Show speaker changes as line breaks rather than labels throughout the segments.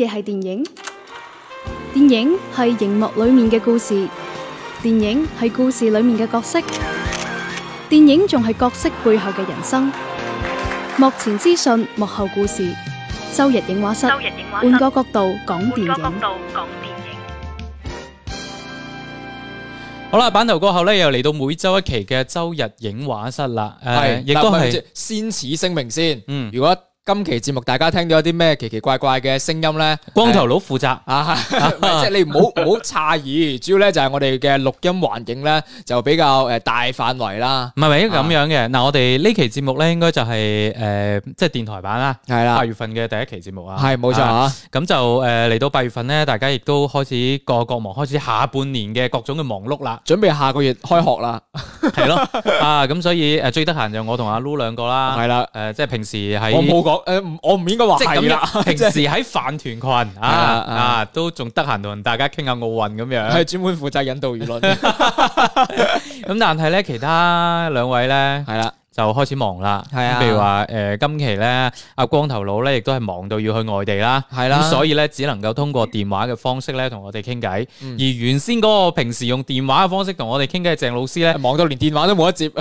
嘢係電影，電影係熒幕裏面嘅故事，電影係故事裏面嘅角色，電影仲係角色背後嘅人生。幕前資訊，幕後故事，周日影畫室，換
個
角度講電影。
好啦，版頭過後呢，又嚟到每周一期嘅周日影畫室啦。係亦都係先此聲明先，嗯，如果。今期節目大家聽到有啲咩奇奇怪怪嘅聲音咧？光頭佬負責啊！啊啊 即係你唔好唔好詫異，主要咧就係我哋嘅錄音環境咧就比較誒大範圍啦。唔係，咪應該咁樣嘅。嗱、啊，我哋呢期節目咧應該就係誒即係電台版啦。係啦，八月份嘅第一期節目的啊。係，冇錯啊。咁就誒嚟到八月份咧，大家亦都開始各個國忙，開始下半年嘅各種嘅忙碌啦。準備下個月開學啦。係咯 啊！咁所以誒最得閒就我同阿 Lu 兩個啦。係啦、 啊，誒即係平時喺我誒，唔，我唔應該話係啦。平時喺飯團群啊、即係、啊，都仲得閒同大家傾下奧運咁樣，係專門負責引導輿論。咁 但係咧，其他兩位咧，係啦。就開始忙啦，係啊，譬如話誒今期咧阿光頭佬咧，亦都係忙到要去外地啦，係啦的，咁所以咧只能夠通過電話嘅方式咧，同我哋傾偈。而原先嗰個平時用電話嘅方式同我哋傾偈嘅鄭老師咧，忙到連電話都冇得接。誒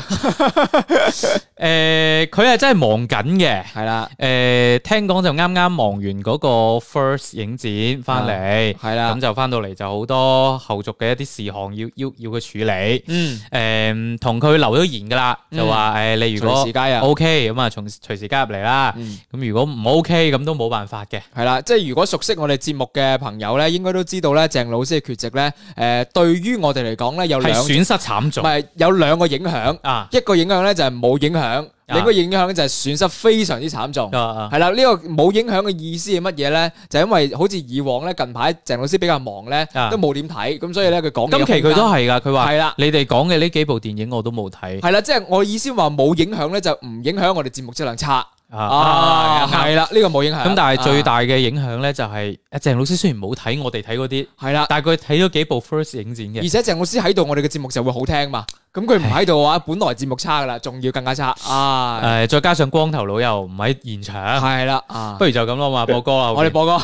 佢係真係忙緊嘅，係啦的。誒、呃、聽講就啱啱忙完嗰個 first 影展翻嚟，係啦、啊，咁就翻到嚟就好多後續嘅一啲事項要要要佢處理。嗯，誒同佢留咗言噶啦，就話誒你。呃嗯如果、OK，隨時加入，OK，咁啊，從隨時加入嚟啦。咁如果唔 OK，咁都冇辦法嘅。係啦，即係如果熟悉我哋節目嘅朋友咧，應該都知道咧鄭老師嘅缺席咧，誒、呃，對於我哋嚟講咧有兩損失慘重，唔係有兩個影響，啊、一個影響咧就係、是、冇影響。你個影響咧就係損失非常之慘重，係啦、啊。呢、這個冇影響嘅意思係乜嘢咧？就因為好似以往咧，近排鄭老師比較忙咧，啊、都冇點睇，咁所以咧佢講今期佢都係噶，佢話係啦，你哋講嘅呢幾部電影我都冇睇。係啦，即、就、係、是、我意思話冇影響咧，就唔影響我哋節目質量差啊。係啦，呢個冇影響。咁但係最大嘅影響咧、就是，就係阿鄭老師雖然冇睇我哋睇嗰啲，係啦的，但係佢睇咗幾部 first 影展嘅，而且鄭老師喺度，我哋嘅節目就會好聽嘛。咁佢唔喺度嘅話，本來節目差噶啦，仲要更加差啊！誒，再加上光頭佬又唔喺現場，係啦，不如就咁啦嘛，播歌啦，我哋播歌，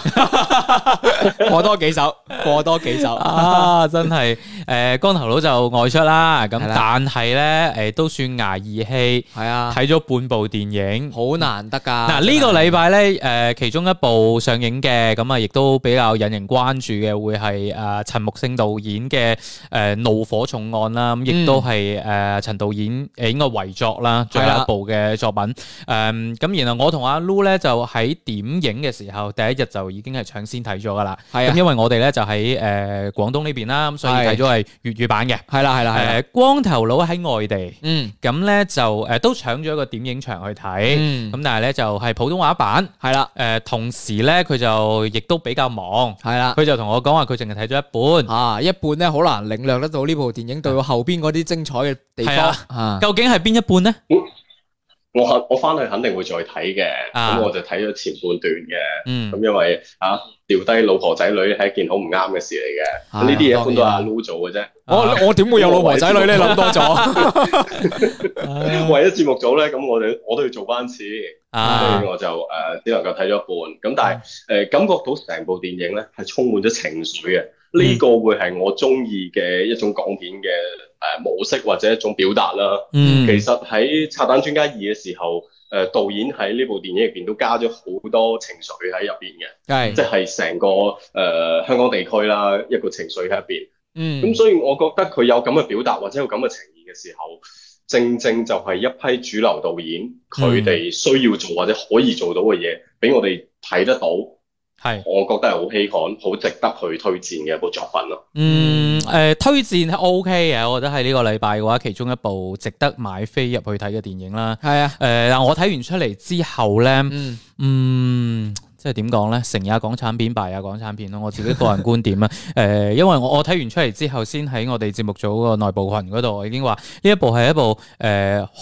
播多幾首，播多幾首啊！真係誒，光頭佬就外出啦。咁但係咧，誒都算捱義氣，係啊，睇咗半部電影，好難得噶。嗱呢個禮拜咧，誒其中一部上映嘅咁啊，亦都比較引人關注嘅會係誒陳木勝導演嘅誒怒火重案啦，咁亦都係。係誒陳導演誒應該遺作啦，最後一部嘅作品誒咁然後我同阿 Lu 咧，就喺點映嘅時候第一日就已經係搶先睇咗噶啦，咁因為我哋咧就喺誒廣東呢邊啦，咁所以睇咗係粵語版嘅，係啦係啦係啦，光頭佬喺外地，嗯咁咧就誒都搶咗個點映場去睇，咁但係咧就係普通話版，係啦，誒同時咧佢就亦都比較忙，係啦，佢就同我講話佢淨係睇咗一半，啊一半咧好難領略得到呢部電影對我後邊嗰啲精。彩嘅地方，究竟係邊一半咧？
我我翻去肯定會再睇嘅，咁我就睇咗前半段嘅。咁因為吓掉低老婆仔女係一件好唔啱嘅事嚟嘅，呢啲嘢一般都係阿 Loo 做嘅啫。我我點會有老婆仔女咧？諗多咗，為咗節目組咧，咁我哋我都要做翻次，咁所以我就誒只能夠睇咗一半。咁但係誒感覺到成部電影咧係充滿咗情緒嘅，呢個會係我中意嘅一種港片嘅。誒模式或者一種表達啦，嗯、其實喺《拆彈專家二》嘅時候，誒、呃、導演喺呢部電影入邊都加咗好多情緒喺入邊嘅，係是即係成個誒、呃、香港地區啦一個情緒喺入邊。嗯，咁所以我覺得佢有咁嘅表達或者有咁嘅呈現嘅時候，正正就係一批主流導演佢哋需要做或者可以做到嘅嘢，俾、嗯、我哋睇得到。係，我覺得係好稀罕，好值得去推薦嘅一部作品咯。嗯，誒，
推薦 OK 嘅，我覺得喺呢個禮拜嘅話，其中一部值得買飛入去睇嘅電影啦。係啊，誒、呃，我睇完出嚟之後咧，嗯。嗯即係點講呢？成也港產片，敗也港產片咯。我自己個人觀點啊。誒、 呃，因為我我睇完出嚟之後，先喺我哋節目組個內部群嗰度，已經話呢一部係一部誒、呃、好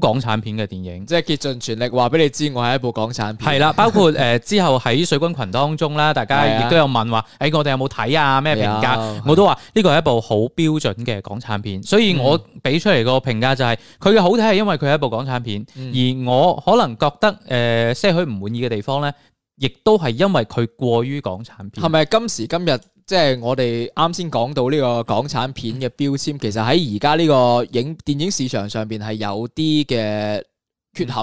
港產片嘅電影。即係竭盡全力話俾你知，我係一部港產片。係啦，包括誒、呃、之後喺水軍群當中啦，大家亦 都有問話，誒、欸、我哋有冇睇啊？咩評價？我都話呢個係一部好標準嘅港產片。所以我俾出嚟個評價就係、是，佢嘅好睇係因為佢係一部港產片，嗯、而我可能覺得誒些許唔滿意嘅地方呢。亦都係因為佢過於港產片，係咪今時今日即係、就是、我哋啱先講到呢個港產片嘅標籤？其實喺而家呢個影電影市場上邊係有啲嘅缺陷。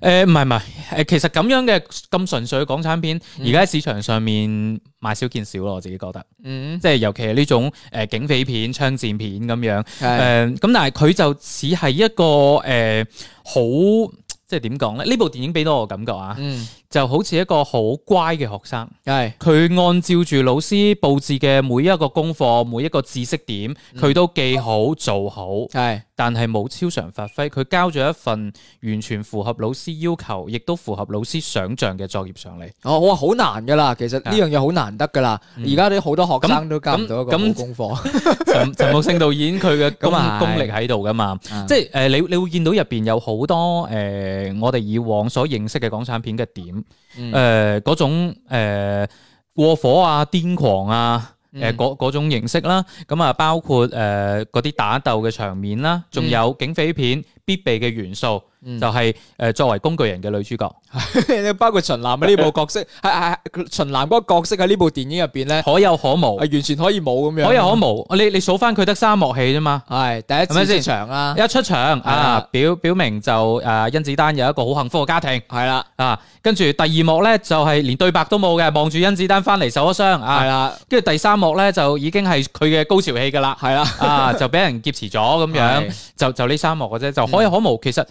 誒、嗯，唔係唔係，誒、呃，其實咁樣嘅咁純粹嘅港產片，而家、嗯、市場上面買少見少咯，我自己覺得。嗯，即係尤其係呢種誒警匪片、槍戰片咁樣。係誒的，咁、呃、但係佢就似係一個誒、呃、好，即係點講咧？呢部電影俾到我感覺啊。嗯。就好似一個好乖嘅學生，係佢是按照住老師布置嘅每一個功課、每一個知識點，佢都記好做好，係是但係冇超常發揮，佢交咗一份完全符合老師要求，亦都符合老師想象嘅作業上嚟。哦，我話好難噶啦，其實呢樣嘢好難得噶啦。而家啲好多學生都交唔到一個好功課。陳陳木勝導演佢嘅功力喺度噶嘛？即係誒，你你會見到入邊有好多誒、呃，我哋以往所認識嘅港產片嘅點。誒，嗰、嗯呃、種誒、呃、過火啊、癲狂啊，誒嗰嗰種形式啦、啊，咁啊包括誒嗰啲打鬥嘅場面啦、啊，仲有警匪片。必備嘅元素就係，誒作為工具人嘅女主角，包括秦嵐嘅呢部角色，係係秦嵐嗰個角色喺呢部電影入邊咧可有可無，係完全可以冇咁樣，可有可無。你你數翻佢得三幕戲啫嘛，係第一次出場啦，一出場啊表表明就誒甄子丹有一個好幸福嘅家庭，係啦啊，跟住第二幕咧就係連對白都冇嘅，望住甄子丹翻嚟受咗傷啊，係啦，跟住第三幕咧就已經係佢嘅高潮戲噶啦，係啦啊就俾人劫持咗咁樣，就就呢三幕嘅啫就。可有可無，其實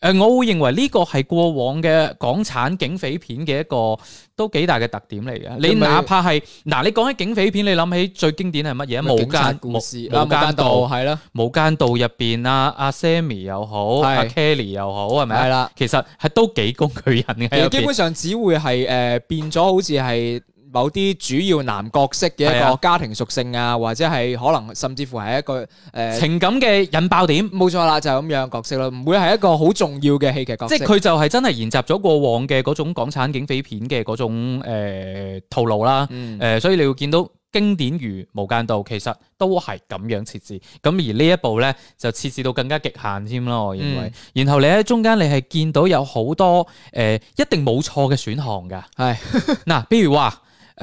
誒，我會認為呢個係過往嘅港產警匪片嘅一個都幾大嘅特點嚟嘅。為你哪怕係嗱，你講起警匪片，你諗起最經典係乜嘢啊？港產故事《無間道》係咯，《無間道》入邊的啊阿 Sammy 又好，阿 Kelly 又好，係咪？係啦的，其實係都幾工具人嘅。基本上只會係誒、呃、變咗，好似係。某啲主要男角色嘅一個家庭屬性啊，或者係可能甚至乎係一個誒、呃、情感嘅引爆點，冇錯啦，就係、是、咁樣角色啦，唔會係一個好重要嘅戲劇角色。角色即係佢就係真係沿襲咗過往嘅嗰種港產警匪片嘅嗰種誒套路啦，嗯，誒、呃，所以你會見到經典如《無間道》，其實都係咁樣設置。咁而呢一部咧，就設置到更加極限添咯，我認為，嗯嗯、然後你喺中間你係見到有好多誒、呃、一定冇錯嘅選項㗎。係嗱，譬如話。誒，呂、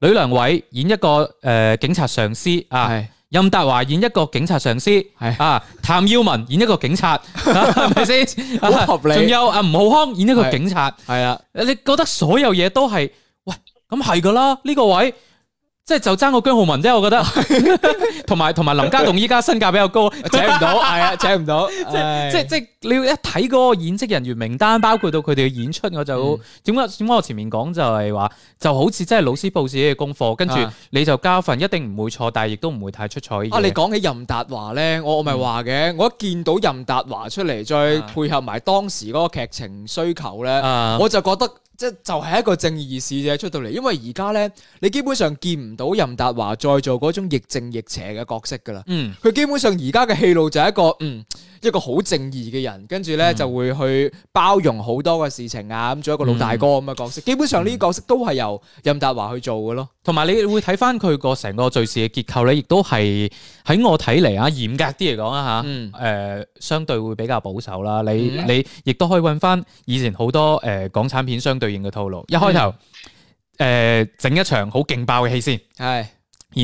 呃、良偉演一個誒、呃、警察上司啊，的任達華演一個警察上司，係的啊，譚耀文演一個警察係
咪先？ 啊、 合理。仲有阿
吳浩康演一個警察，係啦。你覺得所有嘢都係喂咁係㗎啦？呢、這個位。即係就爭個姜皓文啫，我覺得，同埋同埋林家棟依家身價比較高，請唔到，係啊，請唔到，即係即係你要一睇嗰個演職人員名單，包括到佢哋嘅演出，我就點解點解我前面講就係話，就好似真係老師布置啲嘅功課，跟住你就交份一定唔會錯，但係亦都唔會太出彩。啊，你講起任達華咧，我咪話嘅，我，嗯、我一見到任達華出嚟，再配合埋當時嗰個劇情需求咧，嗯、我就覺得。即就係一個正義使者出到嚟，因為而家呢，你基本上見唔到任達華再做嗰種亦正亦邪嘅角色噶啦。嗯，佢基本上而家嘅戲路就係一個嗯。一個好正義嘅人，跟住咧就會去包容好多嘅事情啊，咁做一個老大哥咁嘅角色。嗯、基本上呢啲角色都係由任達華去做嘅咯。同埋你會睇翻佢個成個敘事嘅結構咧，亦都係喺我睇嚟啊，嚴格啲嚟講啊吓，誒、嗯呃、相對會比較保守啦。你、嗯、你亦都可以揾翻以前好多誒、呃、港產片相對應嘅套路。嗯、一開頭誒整一場好勁爆嘅戲先，係的，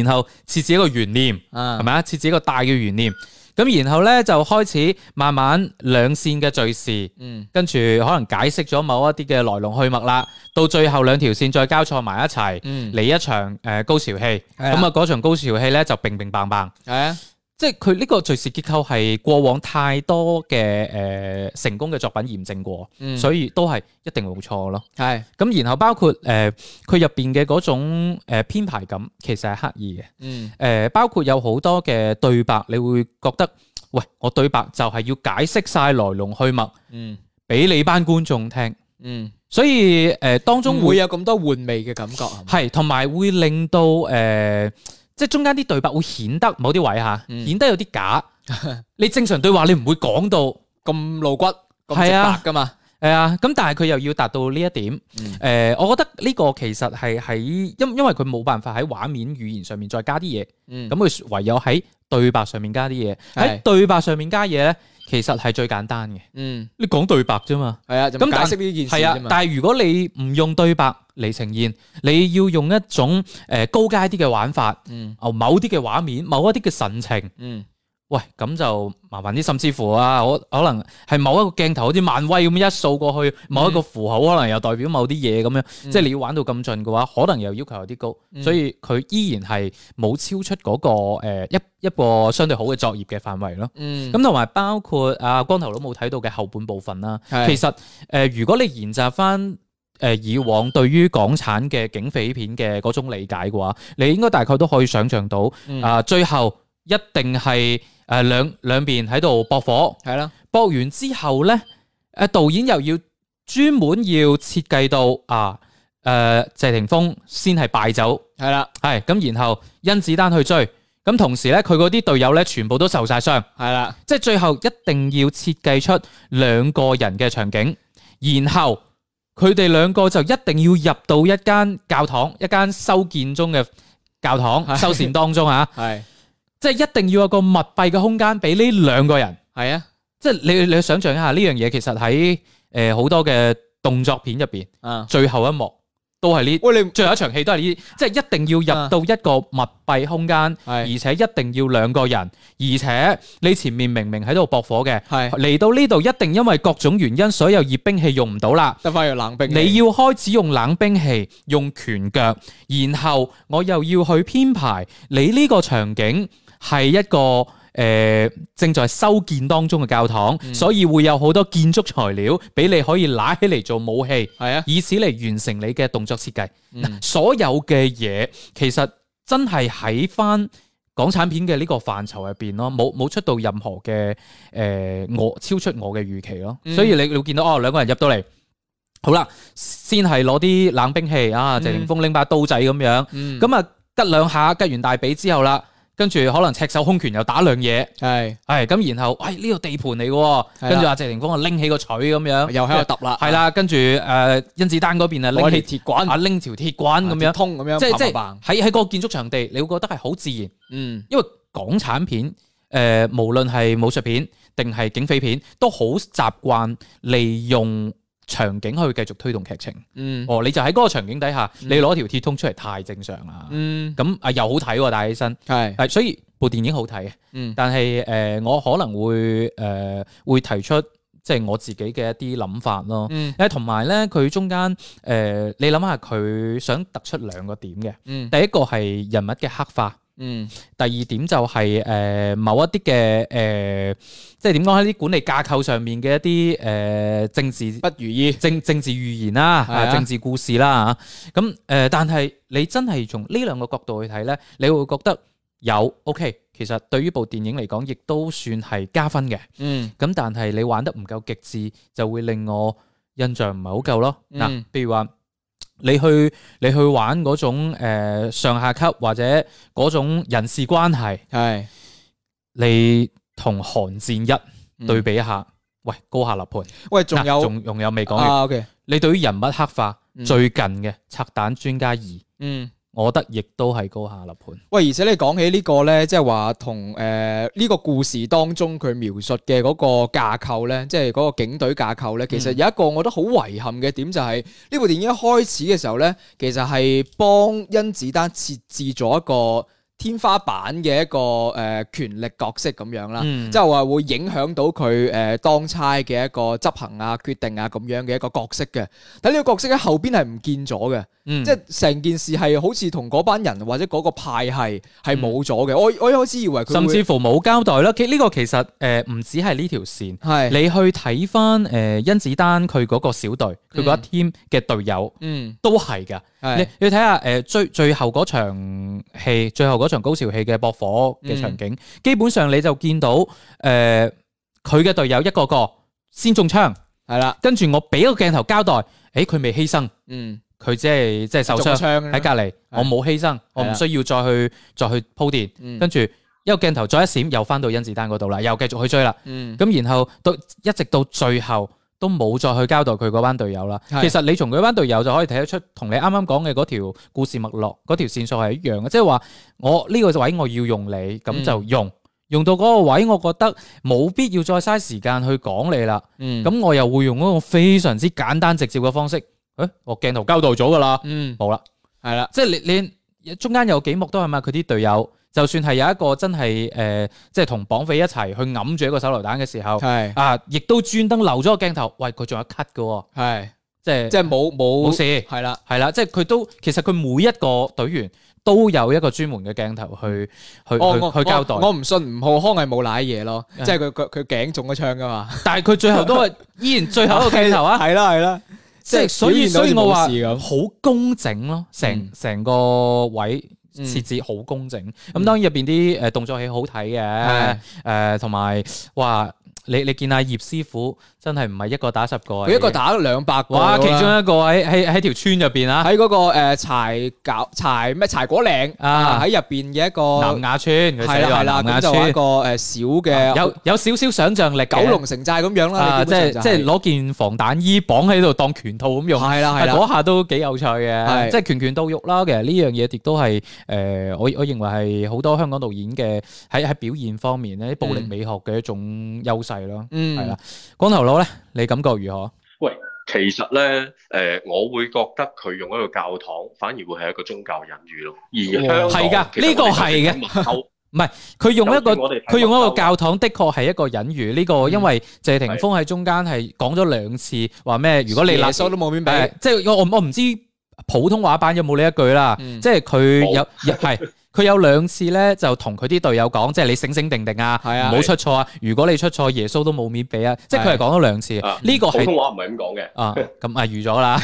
然後設置一個懸念，係咪啊？設置一個大嘅懸念。咁然後呢，就開始慢慢兩線嘅敘事，嗯，跟住可能解釋咗某一啲嘅來龍去脈啦，到最後兩條線再交錯埋一齊，嗯，嚟一場誒高潮戲，咁啊嗰場高潮戲呢，就乒乒乓乓，即係佢呢個敘事結構係過往太多嘅誒、呃、成功嘅作品驗證過，嗯、所以都係一定冇錯咯。係咁是，然後包括誒佢入邊嘅嗰種誒編、呃、排感，其實係刻意嘅。嗯，誒、呃、包括有好多嘅對白，你會覺得喂，我對白就係要解釋晒來龍去脈，嗯，俾你班觀眾聽，嗯，所以誒、呃、當中會，嗯、會有咁多玩味嘅感覺，係同埋會令到誒。呃即係中間啲對白會顯得某啲位吓，顯、嗯、得有啲假。嗯、 你正常對話你唔會講到咁露骨、咁直白㗎嘛，係啊。咁、啊、但係佢又要達到呢一點，誒、嗯呃，我覺得呢個其實係喺因因為佢冇辦法喺畫面語言上面再加啲嘢，咁佢、嗯、唯有喺對白上面加啲嘢，喺是的 對白上面加嘢咧。其實係最簡單嘅，嗯，你講對白啫嘛，係啊，咁解釋呢件事，係啊，但係如果你唔用對白嚟呈現，你要用一種誒、呃、高階啲嘅玩法，嗯，哦，某啲嘅畫面，某一啲嘅神情，嗯。喂，咁就麻煩啲，甚至乎啊，可可能係某一個鏡頭，好似漫威咁樣一掃過去，嗯、某一個符號可能又代表某啲嘢咁樣，嗯、即係你要玩到咁盡嘅話，可能又要求有啲高，所以佢依然係冇超出嗰、嗰個、呃、一一個相對好嘅作業嘅範圍咯。咁同埋包括阿光頭佬冇睇到嘅後半部分啦，嗯、其實誒、呃，如果你研習翻誒以往對於港產嘅警匪片嘅嗰種理解嘅話，你應該大概都可以想象到啊、呃，最後一定係。誒，兩兩邊喺度駁火，係咯，駁完之後咧，誒，導演又要專門要設計到啊，誒，謝霆鋒先係敗走，係啦，係咁然後甄子丹去追，咁同時咧，佢嗰啲隊友咧全部都受晒傷，係啦，即係最後一定要設計出兩個人嘅場景，然後佢哋兩個就一定要入到一間教堂，一間修建中嘅教堂修繕當中啊，係。即係一定要有個密閉嘅空間俾呢兩個人，係啊，即係你你想象一下呢樣嘢，其實喺誒好多嘅動作片入邊，啊，最後一幕都係呢，喂，你最後一場戲都係呢、啊、即係一定要入到一個密閉空間，啊、而且一定要兩個人，而且你前面明明喺度駁火嘅，係、啊，嚟到呢度一定因為各種原因，所有熱兵器用唔到啦，得翻用冷兵器，你要開始用冷兵器，用拳腳，然後我又要去編排你呢個場景。係一個誒正在修建當中嘅教堂，嗯、所以會有好多建築材料俾你可以揦起嚟做武器，係啊，以此嚟完成你嘅動作設計。嗯、所有嘅嘢其實真係喺翻港產片嘅呢個範疇入邊咯，冇冇、嗯、出到任何嘅誒、呃、我超出我嘅預期咯。嗯、所以你你會見到哦，兩個人入到嚟，好啦，先係攞啲冷兵器啊，謝霆鋒拎把刀仔咁樣，咁啊吉兩下，吉完大髀之後啦。跟住可能赤手空拳又打兩嘢，係係咁，然後哎呢個地盤嚟嘅，跟住阿謝霆鋒啊拎起個錘咁樣，又喺度揼啦，係啦，跟住誒甄子丹嗰邊啊拎起鐵棍，啊拎條鐵棍咁樣，通咁樣，即係即係喺喺嗰個建築場地，你會覺得係好自然，嗯，因為港產片誒，無論係武術片定係警匪片，都好習慣利用。場景去以繼續推動劇情。嗯，哦，你就喺嗰個場景底下，嗯、你攞條鐵通出嚟太正常啦。嗯，咁啊又好睇戴、啊、起身，係係是，所以部電影好睇。嗯，但係誒、呃，我可能會誒、呃、會提出即係、就是、我自己嘅一啲諗法咯。誒、嗯，同埋咧，佢中間誒、呃，你諗下佢想突出兩個點嘅。嗯，第一個係人物嘅黑化。嗯，第二點就係、是、誒、呃、某一啲嘅誒，即係點講？喺啲管理架構上面嘅一啲誒、呃、政治不如意、政政治寓言啦、啊、啊政治故事啦嚇。咁誒、呃，但係你真係從呢兩個角度去睇咧，你會覺得有 OK。其實對於部電影嚟講，亦都算係加分嘅。嗯。咁但係你玩得唔夠極致，就會令我印象唔係好夠咯。嗯。啊、譬如話。你去你去玩嗰種誒上下級或者嗰種人事關係係，是你同《寒戰一》對比一下，嗯、喂，高下立判。喂，仲有仲、啊、有未講完？啊 okay、你對於人物刻畫最近嘅《拆彈專家二、嗯》嗯。我覺得亦都係高下立判。喂，而且你講起呢個咧，即係話同誒呢、呃呢個故事當中佢描述嘅嗰個架構咧，即係嗰個警隊架構咧，嗯、其實有一個我覺得好遺憾嘅點就係、是、呢部電影一開始嘅時候咧，其實係幫甄子丹設置咗一個。天花板嘅一個誒、呃、權力角色咁樣啦，即係話會影響到佢誒、呃、當差嘅一個執行啊、決定啊咁樣嘅一個角色嘅。但呢個角色喺後邊係唔見咗嘅，即係成件事係好似同嗰班人或者嗰個派係係冇咗嘅。我我一開始以為佢甚至乎冇交代啦。其呢個其實誒唔止係呢條線，是你去睇翻誒甄子丹佢嗰個小隊，佢嗰個 team 嘅隊，隊友，都係嘅。嗯嗯嗯你要睇下，誒最最後嗰場戲，最後嗰場高潮戲嘅駁火嘅場景，基本上你就見到，誒佢嘅隊友一個個先中槍，係啦，跟住我俾個鏡頭交代，誒佢未犧牲，嗯，佢即係即係受傷喺隔籬，我冇犧牲，我唔需要再去再去鋪墊，跟住一個鏡頭再一閃，又翻到甄子丹嗰度啦，又繼續去追啦，咁然後到一直到最後。都冇再去交代佢嗰班隊友啦。是的 其實你從佢班隊友就可以睇得出，同你啱啱講嘅嗰條故事脈絡嗰條線索係一樣嘅，即係話我呢個位我要用你，咁、嗯、就用，用到嗰個位，我覺得冇必要再嘥時間去講你啦。咁、嗯、我又會用一個非常之簡單直接嘅方式，誒、欸，我鏡頭交代咗㗎啦，好啦、嗯了，係啦，即係你你中間有幾幕都係嘛佢啲隊友。就算係有一個真係誒，即係同綁匪一齊去揞住一個手榴彈嘅時候，係啊，亦都專登留咗個鏡頭。喂，佢仲有 cut 嘅，係即係即係冇冇冇事，係啦係啦，即係佢都其實佢每一個隊員都有一個專門嘅鏡頭去去去交代。我唔信吳浩康係冇瀨嘢咯，即係佢佢佢頸中咗槍噶嘛，但係佢最後都係依然最後一個鏡頭啊，係啦係啦，即係所以所以我話好工整咯，成成個位。設置好工整，咁、嗯、當然入面啲誒動作戲好睇嘅，同埋話。你你見阿葉師傅真係唔係一個打十個，佢一個打兩百個。啊，其中一個喺喺喺條村入邊啊，喺嗰個誒柴搞柴咩柴果嶺啊，喺入邊嘅一個南亞村，係啦係啦，咁就一個誒小嘅有有少少想象力，九龍城寨咁樣啦，即係即係攞件防彈衣綁喺度當拳套咁用，係啦係啦，嗰下都幾有趣嘅，即係拳拳到肉啦。其實呢樣嘢亦都係誒我我認為係好多香港導演嘅喺喺表現方面咧，暴力美學嘅一種優勢。係咯，嗯，係啦，光頭佬咧，你感覺如何？
喂，其實咧，誒，我會覺得佢用一個教堂，反而會係一個宗教隱喻咯。而香港係噶，呢個係嘅，
唔係佢用一個佢用一個教堂的確係一個隱喻。呢個因為謝霆鋒喺中間係講咗兩次，話咩？如果你耶穌都冇面俾，即係我我我唔知普通話版有冇呢一句啦。即係佢有係。佢有兩次咧，就同佢啲隊友講，即係你醒醒定定啊，唔好、啊、出錯啊！如果你出錯，耶穌都冇面俾啊！啊，即係佢係講咗兩次，呢、啊、個係普通話
唔係咁講嘅。啊，
咁啊預咗啦，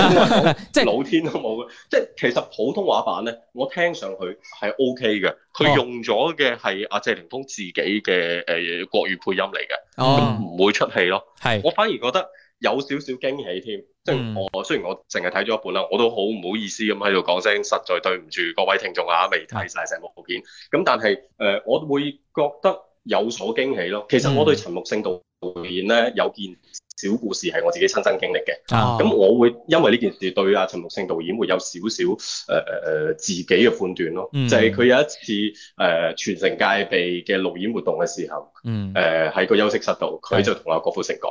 即係老天都冇。 即係其實普通話版咧，我聽上去係 O K 嘅。佢用咗嘅係阿謝霆鋒自己嘅誒國語配音嚟嘅，咁唔、哦、會出戲咯。係是，我反而覺得。有少少驚喜添，即係我雖然我淨係睇咗一半啦，嗯、我都好唔好意思咁喺度講聲，實在對唔住各位聽眾啊，未睇晒成部片。咁但係誒、呃，我會覺得有所驚喜咯。其實我對陳木勝導演咧有件小故事係我自己親身經歷嘅。咁、啊哦、我會因為呢件事對阿陳木勝導演會有少少誒誒誒自己嘅判斷咯。嗯、就係佢有一次誒全城戒備嘅錄演活動嘅時候，誒喺、嗯呃、個休息室度，佢就同阿郭富城講。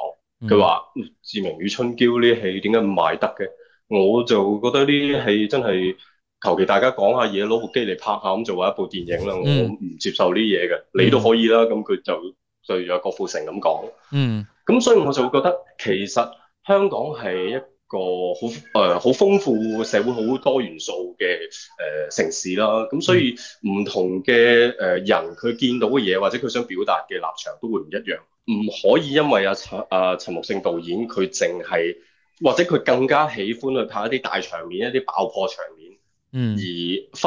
佢話《志明與春嬌》呢啲戲點解唔賣得嘅？我就覺得呢啲戲真係求其大家講下嘢，攞部機嚟拍下咁做為一部電影啦，嗯、我唔接受呢啲嘢嘅。你都可以啦，咁佢、嗯、就對阿郭富城咁講。
嗯，
咁所以我就會覺得其實香港係一個好誒，好豐富社會好多元素嘅，誒、呃、城市啦，咁所以唔同嘅誒人佢，呃、見到嘅嘢或者佢想表達嘅立場都會唔一樣，唔可以因為阿陳阿陳木勝導演佢淨係或者佢更加喜歡去拍一啲大場面一啲爆破場面，嗯，而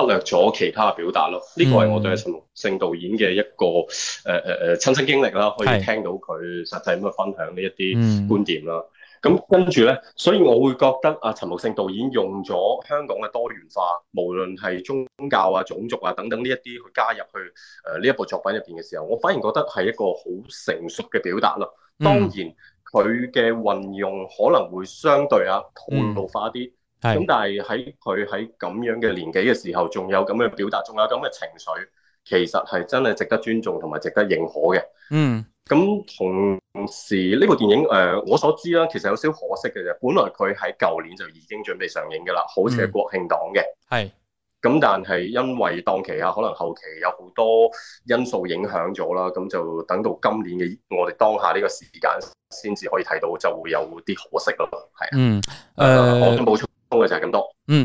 忽略咗其他嘅表達咯。呢、嗯、個係我對阿陳木勝導演嘅一個誒誒誒親身經歷啦，可以聽到佢實際咁去分享呢一啲觀點啦。嗯嗯咁、嗯、跟住咧，所以我會覺得阿陳木勝導演用咗香港嘅多元化，無論係宗教啊、種族啊等等呢一啲去加入去誒呢、呃、一部作品入邊嘅時候，我反而覺得係一個好成熟嘅表達咯。當然佢嘅、嗯、運用可能會相對啊套路化啲，咁、嗯、但係喺佢喺咁樣嘅年紀嘅時候，仲有咁嘅表達，仲有咁嘅情緒，其實係真係值得尊重同埋值得認可嘅。嗯，咁同、嗯。嗯嗯同時呢部電影誒、呃，我所知啦，其實有少可惜嘅啫。本來佢喺舊年就已經準備上映嘅啦，好似係國慶檔嘅。係咁、嗯，但係因為檔期啊，可能後期有好多因素影響咗啦，咁就等到今年嘅我哋當下呢個時間先至可以睇到，就會有啲可惜咯。係、嗯
呃、啊，
誒，我都冇補充嘅就係咁多。嗯。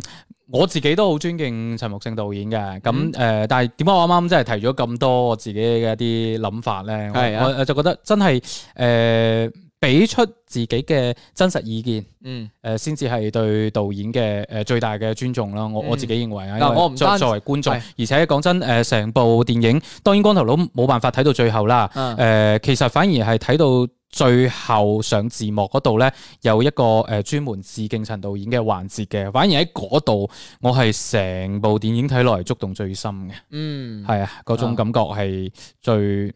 我自己都好尊敬陳木勝導演嘅，咁誒、嗯呃，但係點解我啱啱真係提咗咁多我自己嘅一啲諗法咧、啊？我就覺得真係誒，俾、呃、出自己嘅真實意見，嗯，誒、呃，先至係對導演嘅誒、呃、最大嘅尊重咯。我我自己認為啊、嗯，我唔想作為觀眾，啊、而且講真，誒、呃，成部電影當然光頭佬冇辦法睇到最後啦，誒、呃，其實反而係睇到。最後上字幕嗰度咧，有一個誒專門致敬陳導演嘅環節嘅，反而喺嗰度我係成部電影睇落嚟觸動最深嘅、嗯。
嗯，係對啊，
嗰種感覺係最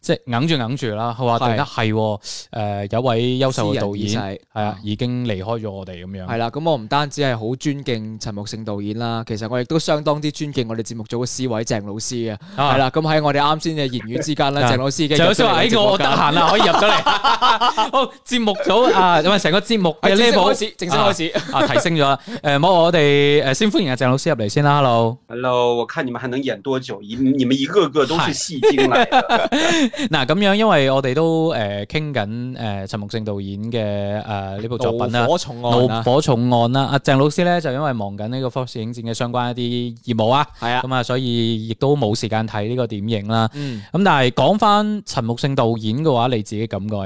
即係揞住揞住啦。佢話突然係誒有位優秀嘅導演係啊，對已經離開咗我哋咁樣。係啦，咁我唔單止係好尊敬陳木勝導演啦，其實我亦都相當之尊敬我哋節目組嘅師偉鄭老師嘅。係啦，咁喺我哋啱先嘅言語之間咧，嗯嗯、鄭老師嘅。鄭老師話：哎我、啊，我得閒啦，可以入咗嚟。好節目組啊，咁啊成個節目，哎呢部開始正式開始啊，提升咗誒，好我哋誒先歡迎阿鄭老師入嚟先啦，Hello，Hello，
我看你們還能演多久？你你們一個個都是戲精嚟。
嗱咁樣，因為我哋都誒傾緊誒陳木勝導演嘅誒呢部作品怒火重案，怒火重案啦。阿鄭老師咧就因為忙緊呢個科視影展嘅相關一啲業務啊，係啊，咁啊所以亦都冇時間睇呢個電影啦。嗯，咁但係講翻陳木勝導演嘅話，你自己感覺？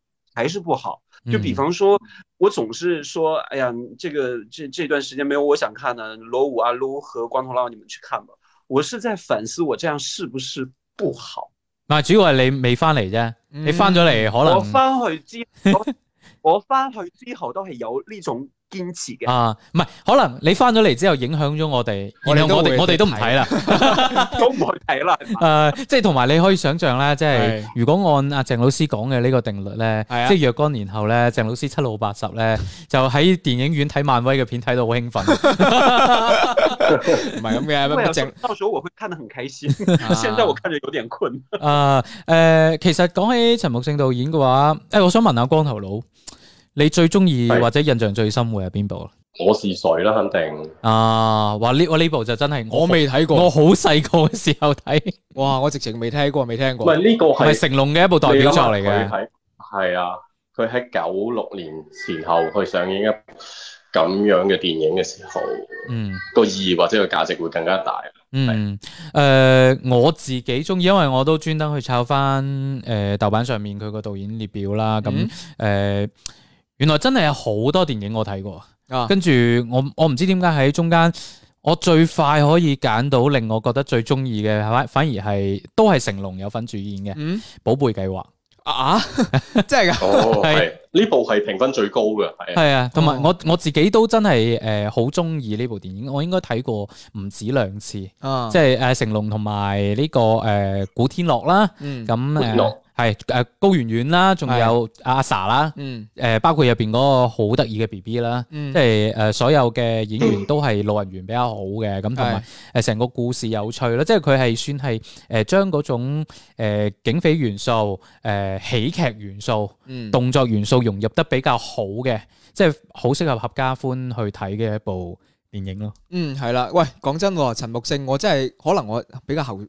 還是不好，就比方說，我總是說，哎呀，這個這這段時間沒有我想看的，啊，羅五啊擼和光頭佬，你們去看吧。我是在反思，我這樣是不是不好？
那主要係你未翻嚟啫，你翻咗嚟可能，嗯、我翻
去之後， 我翻去之後都係有呢種堅持嘅
啊，唔係可能你返咗嚟之後影響咗我哋，我哋我哋我哋都唔睇啦， 都唔去睇啦。誒、呃，即係同埋你可以想象咧，即係如果按阿鄭老師講嘅呢個定律咧，的即係若干年後咧，鄭老師七老八十咧，就喺電影院睇漫威嘅片，睇到好興奮。
唔係咁嘅。會啊，到時候我會看得很開心， 現在我看着有點困。
啊誒、呃，其實講起陳木勝導演嘅話，誒，我想問問下光頭佬。你最中意或者印象最深會係邊部？
我是
誰啦、啊，肯定啊！話呢話呢部就真係我未睇過，我好
細個嘅時候睇，哇！我直情未聽過，未聽過。唔係呢個係成龍嘅一部代表作嚟嘅，
係啊！佢喺九六年時候去上映一部咁樣嘅電影嘅時候，時候嗯，個意義或者個價值會更加大。嗯，誒、
呃，我自己中意，因為我都專登去抄翻誒豆瓣上面佢個導演列表啦，咁誒、嗯。嗯呃原來真係有好多電影我睇過，啊、跟住我我唔知點解喺中間，我最快可以揀到令我覺得最中意嘅，係咪反而係都係成龍有份主演嘅《寶貝計劃》
啊？
真係噶？哦 是呢部係評分最高嘅，係係啊，
同埋我我自己都真係誒好中意呢部電影，我應該睇過唔止兩次，啊，即係誒、呃、成龍同埋呢個誒、呃、古天樂啦，嗯，咁、呃、古天樂係誒、呃、高圓圓啦，仲有阿 sa 啦，嗯，誒包括入邊個好得意嘅 B B 啦，嗯，即係誒、呃、所有嘅演員都係路人緣比較好嘅，咁同埋誒成個故事有趣啦，即係佢係算係誒將嗰種誒警匪元素、誒喜劇元素、動作元素，嗯融入得比較好嘅，即係好適合合家歡去睇嘅一部電影咯。嗯，係啦。喂，講真，陳木勝，我真係可能我比較後，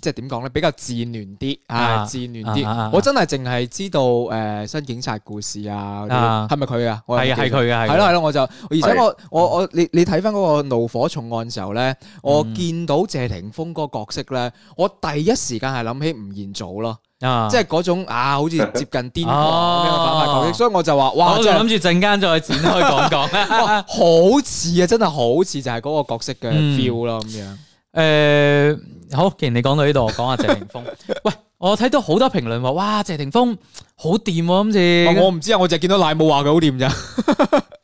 即係點講咧，比較自戀啲啊，自戀啲。我真係淨係知道誒，新警察故事啊，係咪佢啊？係啊，係佢嘅，係啦，係啦。我就，而且我我我，你你睇翻嗰個怒火重案嘅時候咧，我見到謝霆鋒嗰個角色咧，我第一時間係諗起吳彥祖咯。啊，即係嗰種啊，好似接近癲狂咁樣嘅反派角色，所以我就話，哇，我就諗住陣間再展開講講。 好似啊，真係好似就係嗰個角色嘅 feel 咯咁樣，嗯。誒、呃，好，既然你講到呢度，我講下謝霆鋒。 喂，我睇到好多評論話，哇，謝霆鋒好掂，啊，咁似。我我唔知啊，我就見到賴慕華佢好掂咋。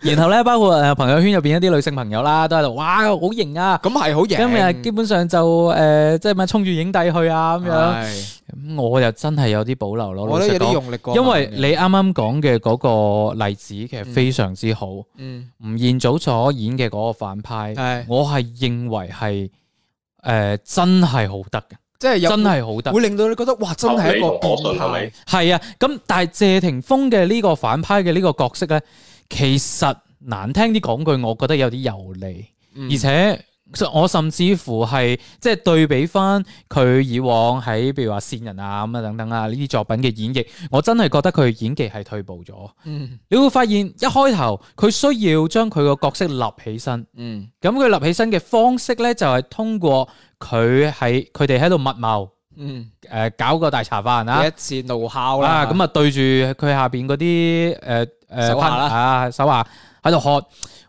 然後咧，包括誒朋友圈入邊一啲女性朋友啦，都喺度，哇，好型啊！咁係好型，咁啊，基本上就誒，即係咪衝住影帝去啊，咁的樣。係的，我又真係有啲保留咯。我覺得有啲用力過猛。因為你啱啱講嘅嗰個例子，其實非常之好。嗯，吳、嗯、彥祖所演嘅嗰個反派，的我係認為係誒、呃、真係好得嘅，即係的真係好得，會令到你覺得哇，真係一個，你個，個角色係係啊！咁但係謝霆鋒嘅呢個反派嘅呢個角色咧，其實難聽啲講句，我覺得有啲油膩，嗯、而且我甚至乎係即係對比翻佢以往喺譬如話線人啊咁啊等等啊呢啲作品嘅演繹，我真係覺得佢演技係退步咗。嗯、你會發現一開頭佢需要將佢個角色立起身，咁佢、嗯、立起身嘅方式呢，就係、是、通過佢喺佢哋喺度密謀。嗯，誒，搞個大茶飯啊，一次怒哮啦，咁啊對住佢下邊嗰啲誒誒啊手下喺度喝，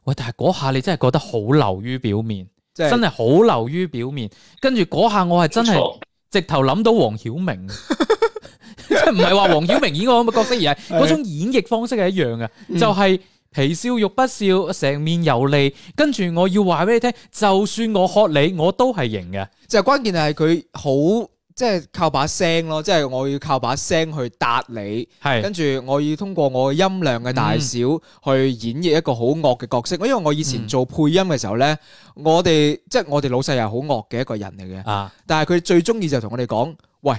喂！但係嗰下你真係覺得好流於表面，即係真係好流於表面。跟住嗰下我係真係直頭諗到黃曉明，即係唔係話黃曉明演個咁嘅角色，而係嗰種演繹方式係一樣嘅，就係皮笑肉不笑，成面油膩。跟住我要話俾你聽，就算我喝你，我都係型嘅。就關鍵係佢好。即係靠把聲咯，即係我要靠把聲去答你，跟住是我要通過我音量嘅大小去演繹一個好惡嘅角色。嗯、因為我以前做配音嘅時候咧，嗯、我哋即係我哋老細係好惡嘅一個人嚟嘅，啊、但係佢最中意就同我哋講，喂，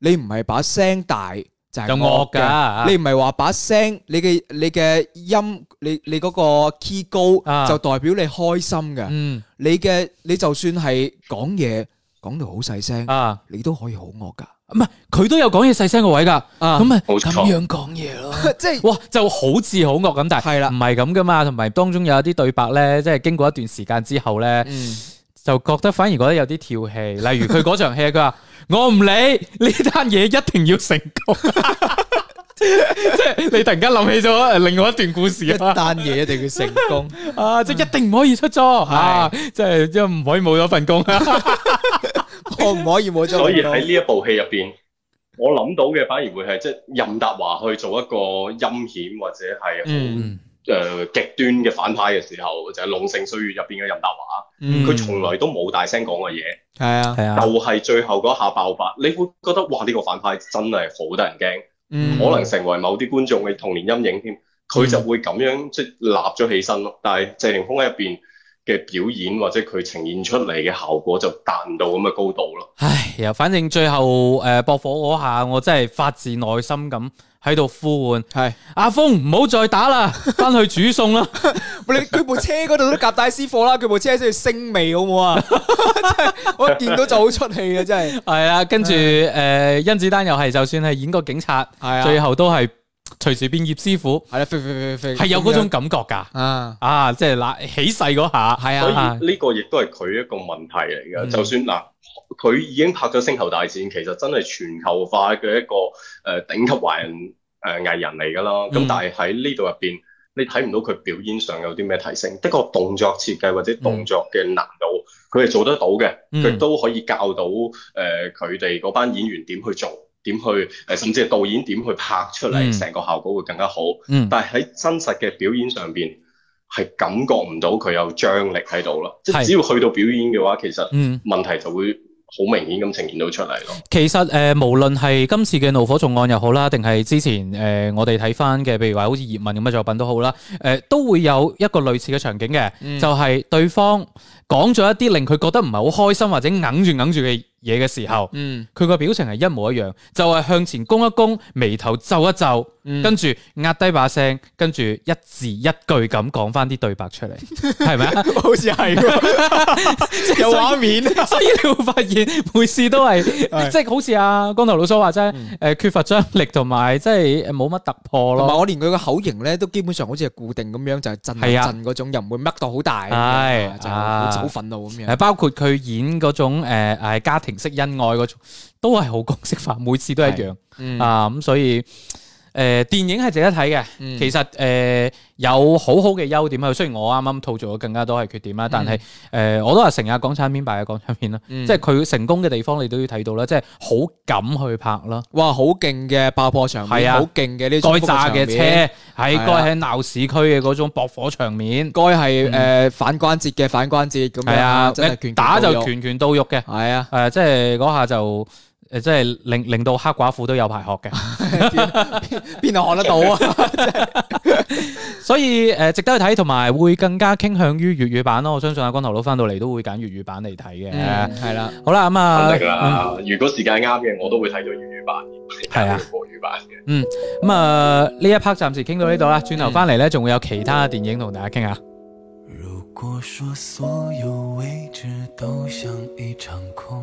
你唔係把聲大就係咁惡噶，你唔係話把聲，你嘅你嘅音，你你嗰個 key 高就代表你開心嘅，啊嗯、你嘅你就算係講嘢，講到好細聲啊，你都可以好惡噶，唔係佢都有講嘢細聲個位噶，咁咪咁樣講嘢咯，即係哇，就好似好惡咁，但係係啦，唔係咁噶嘛。同埋當中有一啲對白咧，即係經過一段時間之後咧，就覺得反而覺得有啲跳戲。例如佢嗰場戲，佢話我唔理呢單嘢一定要成功，即係你突然間諗起咗另外一段故事啊，呢單嘢一定要成功啊，即係一定唔可以出錯，係即係即係唔可以冇咗份工。我
唔可以
冇，所以喺呢一部戲入
邊，我諗到嘅反而會係即係任達華去做一個陰險或者係誒極端嘅反派嘅時候，嗯、就係《龍城歲月》入邊嘅任達華。佢從來都冇大聲講過嘢，係啊係啊，啊就係最後嗰下爆發，你會覺得哇呢、這個反派真係好得人驚，嗯、可能成為某啲觀眾嘅童年陰影添。佢就會咁樣即係立咗起身咯。嗯、但係謝霆鋒喺入邊，嘅表演或者佢呈現出嚟嘅效果就達到咁嘅高度咯。
唉，又反正最後誒駁、呃、火嗰下，我真係發自內心咁喺度呼喚，係是阿峰唔好再打啦，翻 去煮餸啦。
你佢部車嗰
度都夾帶私貨啦，佢部車喺度升味好唔好啊？
我一見到就好
出氣呀，真係。係啊，跟住誒、呃、甄子丹又係，就算係演個警察，係、啊、最後都係。隨時變葉師傅係啦，飛飛飛飛，係有嗰種感覺噶，啊啊，即係嗱起勢嗰下，係以啊，所以
呢個亦都係佢一個問題嚟嘅。嗯、就算嗱，佢已經拍咗《星球大戰》，其實真係全球化嘅一個誒頂、呃、級華人誒藝、呃、人嚟噶啦。咁但係喺呢度入邊，你睇唔到佢表演上有啲咩提升。的確動作設計或者動作嘅難度，佢係、嗯、做得到嘅，佢都、嗯、可以教到誒佢哋嗰班演員點去做。點去誒，甚至係導演點去拍出嚟成個效果會更加好。嗯，但係喺真實嘅表演上邊係感覺唔到佢有張力喺度咯。即係的只要去到表演嘅話，其實問題就會好明顯咁呈現到出嚟咯、嗯。
其實誒、呃，無論係今次嘅怒火重案又好啦，定係之前誒、呃、我哋睇返嘅，譬如話好似葉問咁嘅作品都好啦，誒、呃、都會有一個類似嘅場景嘅，嗯、就係對方講咗一啲令佢覺得唔係好開心或者硬住硬住嘅嘢嘅時候，嗯，佢個表情係一模一樣，就係、是、向前躬一躬，眉頭皺一皺，跟住、嗯、壓低把聲，跟住一字一句咁講翻啲對白出嚟，係咪
啊？吧 好似係，即係有畫面所，所以
你會發現每次都係，即係是好似阿光頭老蘇話齋，誒、嗯、缺乏張力同埋，即係冇乜突破咯。同埋我連佢個口型咧，都基本上好似係固定咁樣，就係、是、震一震嗰種，啊、又唔會擘到好
大，就係好憤怒咁樣。啊就是、包
括佢演嗰種誒家庭。識恩愛嗰種都係好公式化，每次都一樣啊，咁、嗯 um，所以。誒電影係值得睇嘅，其實誒有好好嘅優點啊。雖然我啱啱吐槽咗更加多係缺點啦，但係誒我都話成日講港產片，擺喺講港產片啦。即係佢成功嘅地方，你都要睇到啦。即係好敢去拍啦，哇！好勁嘅爆破場面，好勁嘅呢種該炸嘅車，係該喺鬧市區嘅嗰種博火場面，該係誒反關節嘅反關節咁樣，係啊，打就拳拳到肉嘅，係啊，誒即係嗰下就。誒，即係令令到黑寡婦都有排學嘅，邊度學得到啊？所以誒，值得去睇，同埋會更加傾向於粵語版咯。我相信阿光頭佬翻到嚟都會揀粵語版嚟睇嘅。係啦，好啦，咁啊，
如果時間啱嘅，我都會睇咗粵語版，
係啊，國語版嘅。嗯，咁啊，呢一 part 暫時傾到呢度啦。轉頭翻嚟咧，仲會有其他嘅電影同大家傾下。
如果說所有位置都像一場空。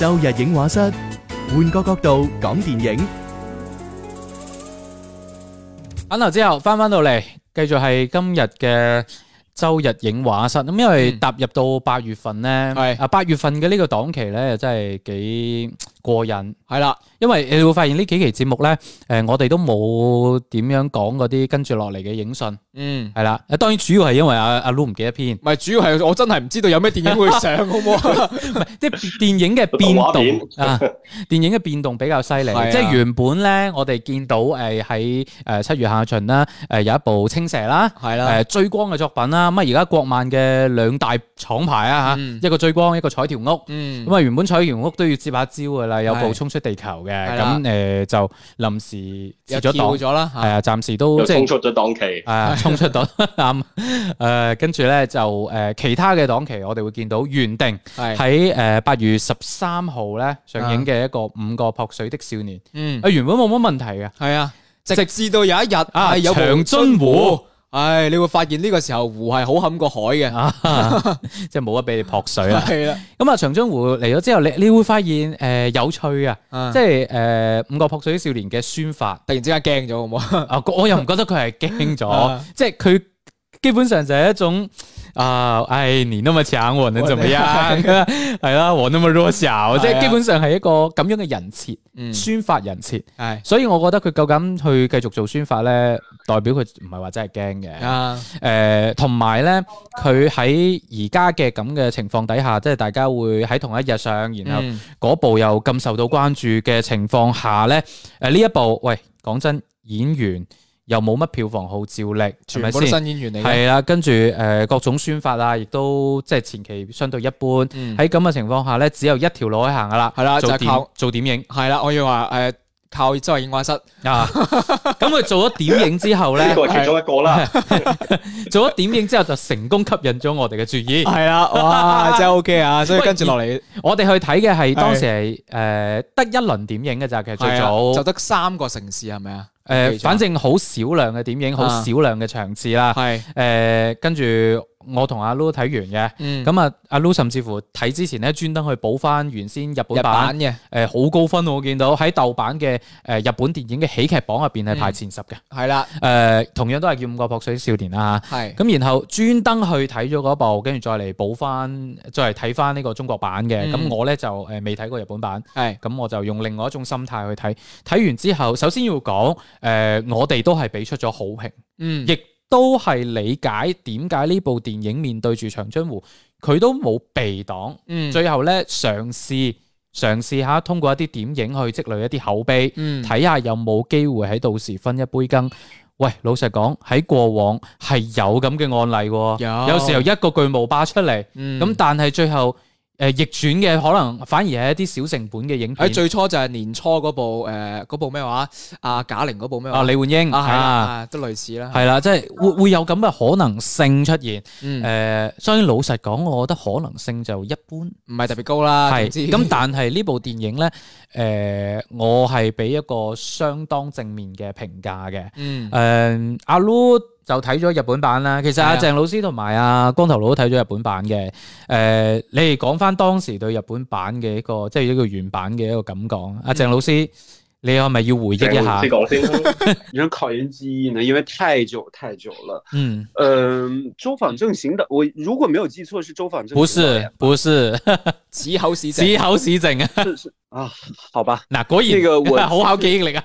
周日映畫室，換個角度講電影。
啱落之後，翻翻到嚟，繼續係今日嘅。周日影畫室咁，因為踏入到八月份咧，係的啊八月份嘅呢個檔期咧，真係幾過癮係啦。的因為你會發現呢幾期節目咧，誒我哋都冇點樣講嗰啲跟住落嚟嘅影訊，嗯係啦。當然主要係因為阿阿 Lo 唔記得篇，唔係主要係我真係唔知道有咩電影會上， 好唔好啊？唔係即係電影嘅變動啊，電影嘅變, 變動比較犀利。的即係原本咧，我哋見到誒喺誒七月下旬啦，誒有一部青蛇啦，係啦的，誒追光嘅作品啦。咁啊！而家國漫嘅兩大廠牌啊嚇，一個追光，一個彩條屋。嗯，咁啊原本彩條屋都要接下招噶啦，有部衝出地球嘅，咁誒就臨時接咗檔咗啦。係啊，暫時都即出
咗檔期。
啊，衝出到啱，跟住咧就誒其他嘅檔期，我哋會見到原定喺誒八月十三號咧上映嘅一個《五個撲水的少年》。嗯，啊原本冇乜問題嘅，係啊，直至到有一日啊，長津湖。唉，你會發現呢個時候湖係好冚過海嘅，啊， 即係冇得俾你撲水啊。係啦的，咁啊，長津湖嚟咗之後，你你會發現誒、呃、有趣啊，嗯、即係誒、呃、五個撲水少年嘅宣發突然之間驚咗好唔好啊？我又唔覺得佢係驚咗， 即係佢。基本上就係一種啊，唉、呃哎，你那麼強，我能怎麼樣？係啦、 啊，我那麼弱小， 即係基本上係一個咁樣嘅人設，嗯、宣發人設。係、嗯，所以我覺得佢夠膽去繼續做宣發咧，代表佢唔係話真係驚嘅。誒、啊，同埋咧，佢喺而家嘅咁嘅情況底下，即係大家會喺同一日上，然後嗰部又咁受到關注嘅情況下咧，誒呢、嗯呃、一部，喂，講真，演員，員。又冇乜票房號召力，全部都係新演員嚟。係啦，跟住誒各種宣發啊，亦都即係前期相對一般。喺咁嘅情況下咧，只有一條路可以行噶啦，係啦，就靠做點影。係啦，我要話誒靠周日影畫室啊。咁佢做咗點影之後咧，呢個其中一個啦。做咗點影之後就成功吸引咗我哋嘅注意。係啦，哇，真係 OK 啊！所以跟住落嚟，我哋去睇嘅係當時係誒得一輪點影嘅咋。其實最早就得三個城市係咪啊？誒、呃，反正好少量嘅點映，好、嗯、少量嘅場次啦。誒是、呃，跟住。我同阿 Loo 睇完嘅，咁啊、嗯，阿 Loo 甚至乎睇之前咧，專登去補翻原先日本版嘅，誒，好、呃、高分我見到喺豆瓣嘅誒、呃、日本電影嘅喜劇榜入邊係排前十嘅，係啦、嗯，誒、呃，同樣都係叫五個撲水少年啦，係的，咁然後專登去睇咗嗰部，跟住再嚟補翻，再嚟睇翻呢個中國版嘅，咁、嗯、我咧就誒未睇過日本版，係的，咁我就用另外一種心態去睇，睇完之後，首先要講，誒、呃，我哋都係俾出咗好評，嗯，亦。都係理解點解呢部電影面對住長津湖，佢都冇被擋。嗯，最後咧嘗試嘗試下通過一啲點影去積累一啲口碑，嗯，睇下有冇機會喺到時分一杯羹。喂，老實講，喺過往係有咁嘅案例，有有時候一個巨無霸出嚟，咁、嗯、但係最後。誒逆轉嘅可能反而係一啲小成本嘅影片、啊。最初就係年初嗰部誒、呃、部咩話？阿賈玲嗰部咩話、啊？李煥英啊，啊啊啊都類似啦。係啦、啊，啊、即係會會有咁嘅可能性出現。誒、嗯，當、呃、然老實講，我覺得可能性就一般，唔係、嗯、特別高啦。係是，咁但係呢部電影咧，誒、呃，我係俾一個相當正面嘅評價嘅。嗯，誒、嗯，阿 l u 就睇咗日本版啦，其實阿、啊、鄭老師同埋阿光頭佬睇咗日本版嘅。誒、呃，你哋講翻當時對日本版嘅一個，即係一個原版嘅一個感覺。阿、嗯啊、鄭老師，你係咪要回憶一下？想、
這個這個、考驗記憶呢？因為太久太久了。嗯、呃、嗯，周防正行的，我如果沒有記錯是周防正行不。不是
不是，是，
是，矢口史靖矢口史靖啊！啊，好吧。嗱、啊，果然好考記憶力啊！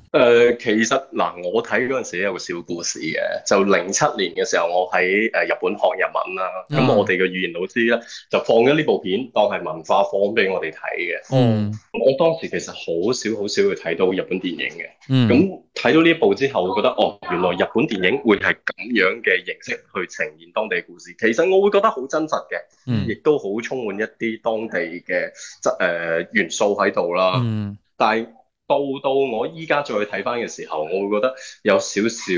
誒、呃，其實嗱，我睇嗰陣時有個小故事嘅，就零七年嘅時候我，我喺誒日本學日文啦，咁、mm. 我哋嘅語言老師咧就放咗呢部片當係文化課俾我哋睇嘅。嗯，mm. 我當時其實好少好少去睇到日本電影嘅。咁睇、mm. 到呢部之後，我覺得哦，原來日本電影會係咁樣嘅形式去呈現當地故事，其實我會覺得好真實嘅。亦、mm. 都好充滿一啲當地嘅質誒元素喺度啦。Mm. 但係。到到我依家再去睇翻嘅時候，我會覺得有少少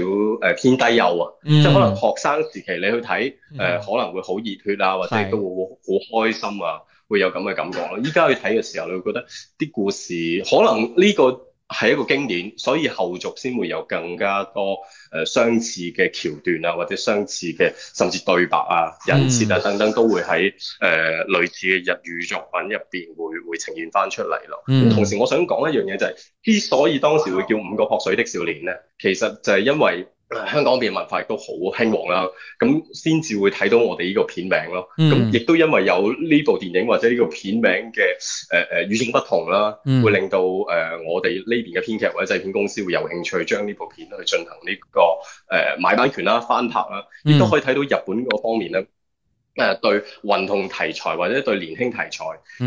誒偏低幼啊，嗯、即係可能學生時期你去睇誒、呃、可能會好熱血啊，或者都會好好開心啊，會有咁嘅感覺咯。依家的去睇嘅時候，你會覺得啲故事可能呢、呢個，係一個經典，所以後續先會有更加多誒、呃、相似嘅橋段啊，或者相似嘅甚至對白啊、人設啊等等，都會喺誒、呃、類似嘅日語作品入邊會會呈現翻出嚟咯。嗯、同時，我想講一樣嘢就係、是，之所以當時會叫《五個撲水的少年》咧，其實就係因為。香港嘅文化亦都好興旺啦，咁先至會睇到我哋呢個片名咯。咁亦都因為有呢部電影或者呢個片名嘅誒誒與眾不同啦，嗯、會令到誒、呃、我哋呢邊嘅編劇或者製片公司會有興趣將呢部片去進行呢、這個誒、呃、買版權啦、翻拍啦、啊。亦都、嗯、可以睇到日本嗰方面咧，誒、呃、對運動題材或者對年輕題材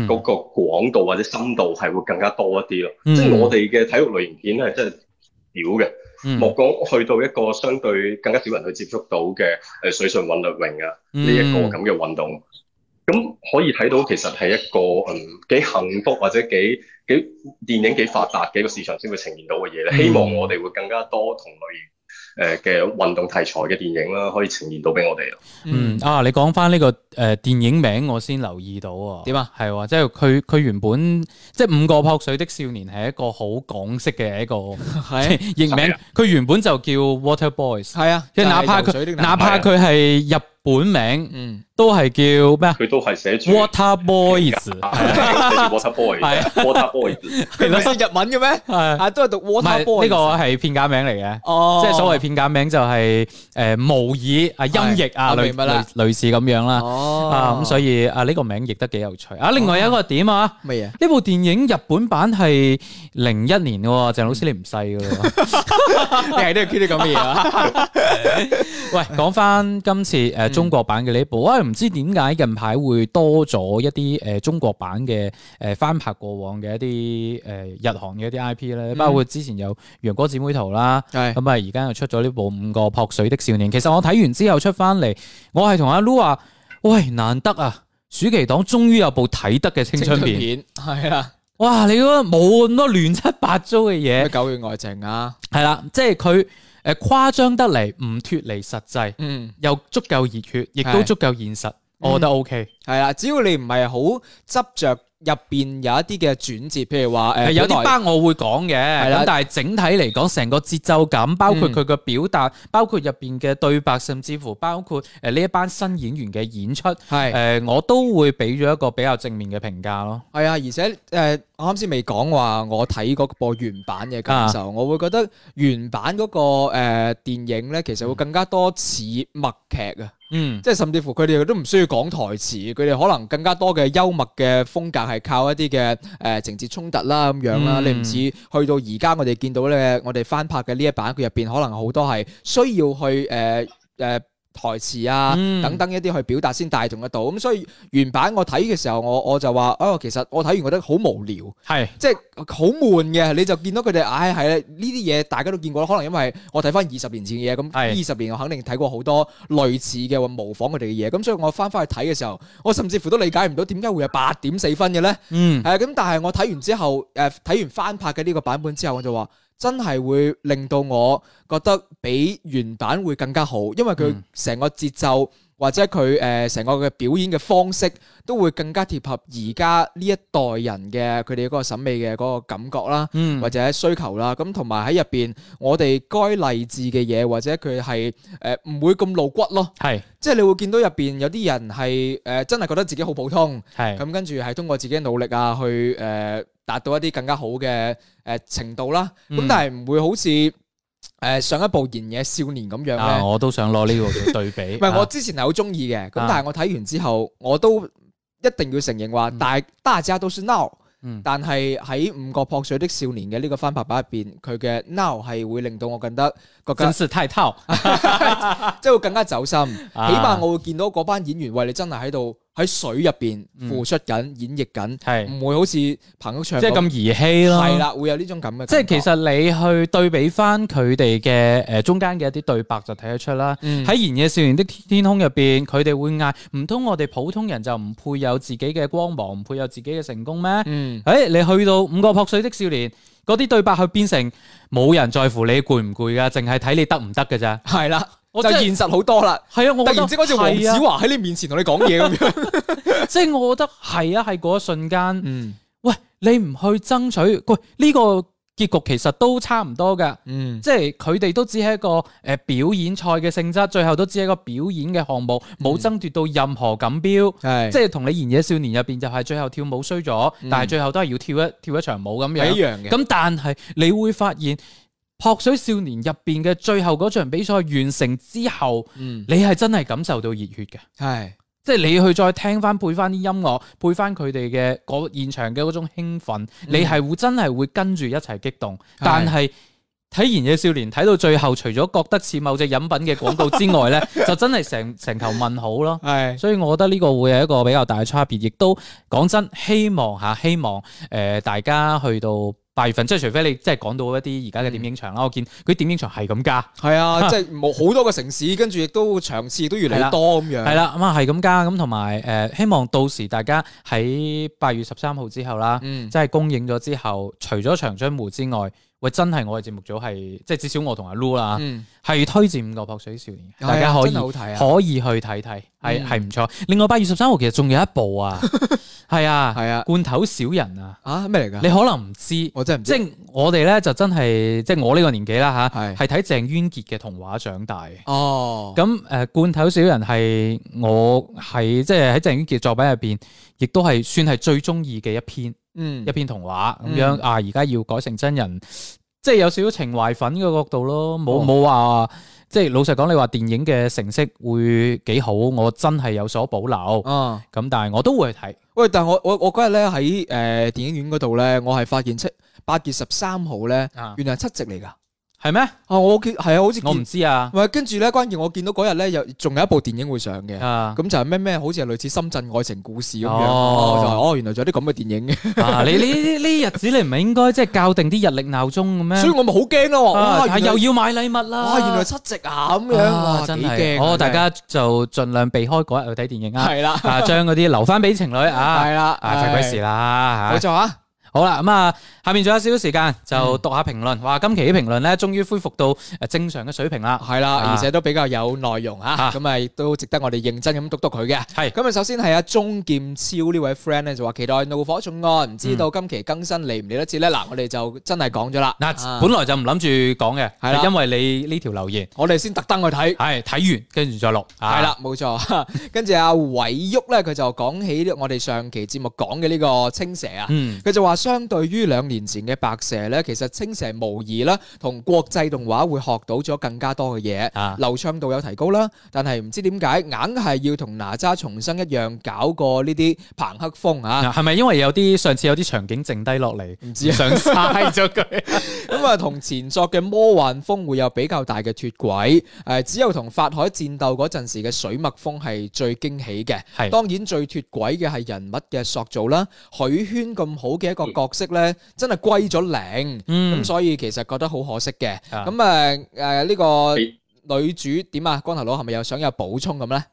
嗰個廣度或者深度係會更加多一啲咯。即係、嗯嗯、我哋嘅體育類型片咧，真係少嘅。莫講，嗯、去到一個相對更加少人去接觸到嘅誒水上韻律泳啊呢一個咁嘅運動，咁、嗯、可以睇到其實係一個嗯幾幸福或者幾幾電影幾發達嘅一個市場先會呈現到嘅嘢咧。嗯、希望我哋會更加多同類誒嘅運動題材嘅電影啦，可以呈現到俾我哋咯。嗯，
啊，你講翻呢個誒、呃、電影名，我先留意到啊。點啊？係喎，即係佢佢原本即係五個撲水的少年係一個好港式嘅一個譯、 啊、 名。佢、啊、原本就叫 Water Boys。係啊，即係哪怕佢哪怕佢係、啊、入。本名嗯都係叫咩？佢都係寫住 Water Boys，係 Water Boys，係 Water Boys，其實識日文嘅咩？係啊，都係讀 Water Boys。唔係呢個係片假名嚟嘅，即係所謂片假名就係誒模擬啊音譯啊類類類似咁樣啦。
哦啊，咁所
以啊呢個名亦都幾有趣啊。另外有一個點啊，咩啊？呢部電影日本版係零一年嘅，鄭老師你唔細噶，
你係都
係 pick 啲咁嘅嘢啊？喂，講翻今次誒。中國版嘅呢部，我、哎、唔知點解近排會多咗一啲誒、呃，中國版嘅誒、呃、翻拍過往嘅一啲誒、呃、日韓嘅一啲 I P 咧，包括之前有《陽光姊妹淘》啦，係咁啊，而家又出咗呢部《五個撲水的少年》。其實我睇完之後出翻嚟，我係同阿 Lu 話，喂，難得啊，暑期檔終於有部睇得嘅青春片，係啊，哇，你都冇咁多亂七八糟嘅嘢，狗血愛情啊，係啦，即係佢。誒誇張得嚟，唔脱離實際，嗯，又足夠熱血，亦都足夠現實，我覺得 OK。係啦，只要你唔係好執着，入邊有一啲嘅轉折，譬如話誒，有啲班我會講嘅，咁但係整體嚟講，成個節奏感，包括佢嘅表達，包括入邊嘅對白，甚至乎包括誒呢一班新演員嘅演出，係誒，我都會俾咗一個比較正面嘅評價咯。係啊，而且誒。我啱先未講話，我睇嗰個原版嘅感受，啊、我會覺得原版嗰、嗰個誒、呃、電影咧，其實會更加多似默劇啊，嗯，即係甚至乎佢哋都唔需要講台詞，佢哋可能更加多嘅幽默嘅風格係靠一啲嘅誒情節衝突啦咁樣啦，嗯、你唔似去到而家我哋見到咧，我哋翻拍嘅呢一版佢入邊可能好多係需要去誒誒。呃呃台詞啊，等等一啲去表達先帶動得到，咁所以原版我睇嘅時候，我我就話，哦、啊，其實我睇完覺得好無聊，係是，即係好悶嘅，你就見到佢哋，唉、哎，係啦，呢啲嘢大家都見過啦，可能因為我睇翻二十年前嘅嘢，咁二十年我肯定睇過好多類似嘅或模仿佢哋嘅嘢，咁所以我翻翻去睇嘅時候，我甚至乎都理解唔到點解會有八點四分嘅咧，係、嗯，咁、啊、但係我睇完之後，誒、啊，睇完翻拍嘅呢個版本之後，我就話。真係會令到我覺得比原版會更加好，因為佢成個節奏或者佢誒成個嘅表演嘅方式都會更加貼合而家呢一代人嘅佢哋嗰個審美嘅嗰個感覺啦，嗯、或者需求啦。咁同埋喺入邊，我哋該勵志嘅嘢，或者佢係誒唔會咁露骨咯。係是，即係你會見到入邊有啲人係誒、呃、真係覺得自己好普通，咁是跟住係通過自己嘅努力啊去誒。呃達到一啲更加好嘅誒程度啦，咁、嗯、但係唔會好似誒、呃、上一部言野少年咁樣咧、啊。我都想攞呢個做對比。唔係、 啊、我之前係好中意嘅，咁但係我睇完之後，我都一定要承認話，但、嗯、大家都說 now，、嗯、但係喺五個撲水的少年嘅呢個翻拍版入邊，佢嘅 now 係會令到我覺得。覺得真實太透，即 係 會更加走心。啊、起碼我會見到嗰班演員為你真係喺度喺水入邊付出緊、嗯、演繹緊，係唔是會好似彭于晏即係咁兒戲咯。係啦，會有呢種咁嘅。即係其實你去對比翻佢哋嘅誒中間嘅一啲對白就睇得出啦。喺、嗯《燃野少年的天空面》入邊，佢哋會嗌唔通我哋普通人就唔配有自己嘅光芒，唔配有自己嘅成功咩？嗯，誒、哎，你去到《五個撲水的少年》，嗰啲對白去變成冇人在乎你攰唔攰噶，淨係睇你得唔得嘅咋，係啦了，我就現實好多啦。係啊，我突然之間好似黃子華喺你面前同你講嘢咁樣。即 係 我覺得係啊，係嗰一瞬間，嗯，喂，你唔去爭取，喂、這、呢個。結局其實都差唔多嘅，嗯、即係佢哋都只係一個誒表演賽嘅性質，最後都只係一個表演嘅項目，冇、嗯、爭奪到任何錦標。係是即係同《你言野少年》入邊就係最後跳舞衰咗，嗯、但係最後都係要跳一跳一場舞咁樣。一樣嘅。咁但係你會發現，撲水少年入邊嘅最後嗰場比賽完成之後，嗯、你係真係感受到熱血嘅。係。即係你去再聽翻配翻啲音樂，配翻佢哋嘅個現場嘅嗰種興奮，你係會真係會跟住一齊激動。但係睇《燃野少年》，睇到最後，除咗覺得似某隻飲品嘅廣告之外呢 就真係成成頭問號咯。係，是的 所以我覺得呢個會係一個比較大嘅差別。亦都講真，希望嚇，希望誒、呃、大家去到。八月份，即係除非你即係講到一啲而家嘅點映場啦，嗯、我見佢啲點映場係咁加，係啊，即係冇好多個城市， 跟住亦都場次都越嚟越多咁、啊啊就是、樣，係啦，咁啊係咁加，咁同埋誒希望到時大家喺八月十三號之後啦，即係、嗯、公映咗之後，除咗長津湖之外。喂，真係我哋節目組係，即係至少我同阿 Lu 啦，係推薦五個撲水少年，大家可以、哎啊、可以去睇睇，係係唔錯。另外八月十三號其實仲有一部啊，係、嗯、啊係啊 罐頭小人啊，啊咩嚟噶？你可能唔知，我真唔知即就真。即係我哋咧就真係，即係我呢個年紀啦吓，係睇鄭淵潔嘅童話長大。哦，咁、呃、誒罐頭小人係我喺即係喺鄭淵潔作品入邊，亦都係算係最中意嘅一篇。嗯，一篇童話咁樣、嗯、啊，而家要改成真人，即係有少少情懷粉嘅角度咯，冇冇話即係老實講，你話電影嘅成色會幾好，我真係有所保留。啊、哦，咁但係我都會去睇。喂，但係我我我嗰日咧喺誒電影院嗰度咧，我係發現七八月十三號咧，原來係七夕嚟噶。係咩？啊，我見係啊，好似我唔知啊。喂，跟住咧，關鍵我見到嗰日咧，又仲有一部電影會上嘅。啊，咁就係咩咩？好似係類似深圳愛情故事咁樣。哦，哦，原來仲有啲咁嘅電影嘅。啊，你呢呢日子你唔係應該即係校定啲日曆鬧鐘咁咩？所以我咪好驚咯。啊，又要買禮物啦。哇，原來七夕啊咁樣。哇，真係驚。哦，大家就盡量避開嗰日去睇電影啊。係啦，啊，將嗰啲留翻俾情侶啊。係啦，啊，費鬼事啦。冇錯啊。好啦，咁啊，下面仲有少少時間就讀下評論。話，今期啲評論咧，終於恢復到誒正常嘅水平啦，係啦，而且都比較有內容吓，咁啊，亦都值得我哋認真咁讀讀佢嘅。係咁啊，首先係阿鍾劍超呢位 friend 咧就話期待怒火重案，唔知道今期更新嚟唔嚟得切咧。嗱，我哋就真係講咗啦。嗱，本來就唔諗住講嘅，係啦，因為你呢條留言，我哋先特登去睇，係睇完跟住再錄，係啦，冇錯。跟住阿韋旭咧，佢就講起我哋上期節目講嘅呢個青蛇啊，佢就話。相對於兩年前嘅白蛇咧，其實青蛇無疑啦，同國際動畫會學到咗更加多嘅嘢啊，流暢度有提高啦。但係唔知點解硬係要同哪吒重生一樣搞過呢啲朋克風啊？係咪因為有啲上次有啲場景剩低落嚟，唔知啊，想嘥咗佢？咁啊，同前作嘅魔幻風會有比較大嘅脱軌。誒，只有同法海戰鬥嗰陣時嘅水墨風係最驚喜嘅。係，當然最脱軌嘅係人物嘅塑造啦。許宣咁好嘅一個，角色咧真係歸咗零，咁、嗯、所以其實覺得好可惜嘅。咁誒誒，呢、呃這個女主點啊？光頭佬係咪有想有補充咁咧？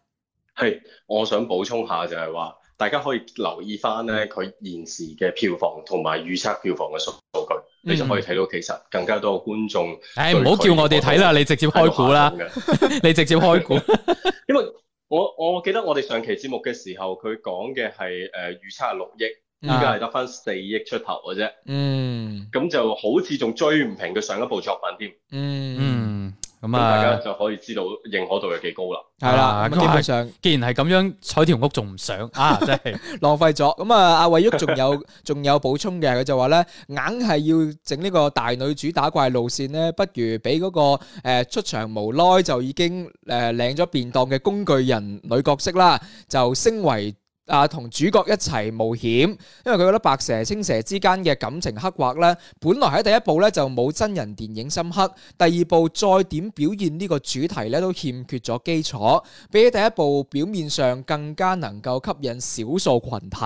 係，我想補充下就係話，大家可以留意翻咧，佢現時嘅票房同埋預測票房嘅數數據，嗯、你就可以睇到其實更加多嘅觀眾。誒，唔好叫我哋睇啦，你直接開估啦， 你直接開估！
因為
我我記得我哋上期節目嘅時候，佢講嘅係誒預測六億。呃呃呃呃呃依家係得翻四億出頭嘅啫，
嗯，
咁就好似仲追唔平佢上一部作品添、嗯，嗯，咁啊，大家就可以知道認可度有幾高啦，係啦，基本上，
既然係咁樣，彩條屋仲唔上啊，即係 浪費咗，咁、嗯、啊，阿魏旭仲有仲有補充嘅，佢就話咧， 硬係要整呢個大女主打怪路線咧，不如俾嗰個出場無耐，就已經誒領咗便當嘅工具人女角色啦，就升為。啊，同主角一齊冒險，因為佢覺得白蛇青蛇之間嘅感情刻畫咧，本來喺第一部咧就冇真人電影深刻，第二部再點表現呢個主題咧都欠缺咗基礎，比起第一部表面上更加能夠吸引少數群體，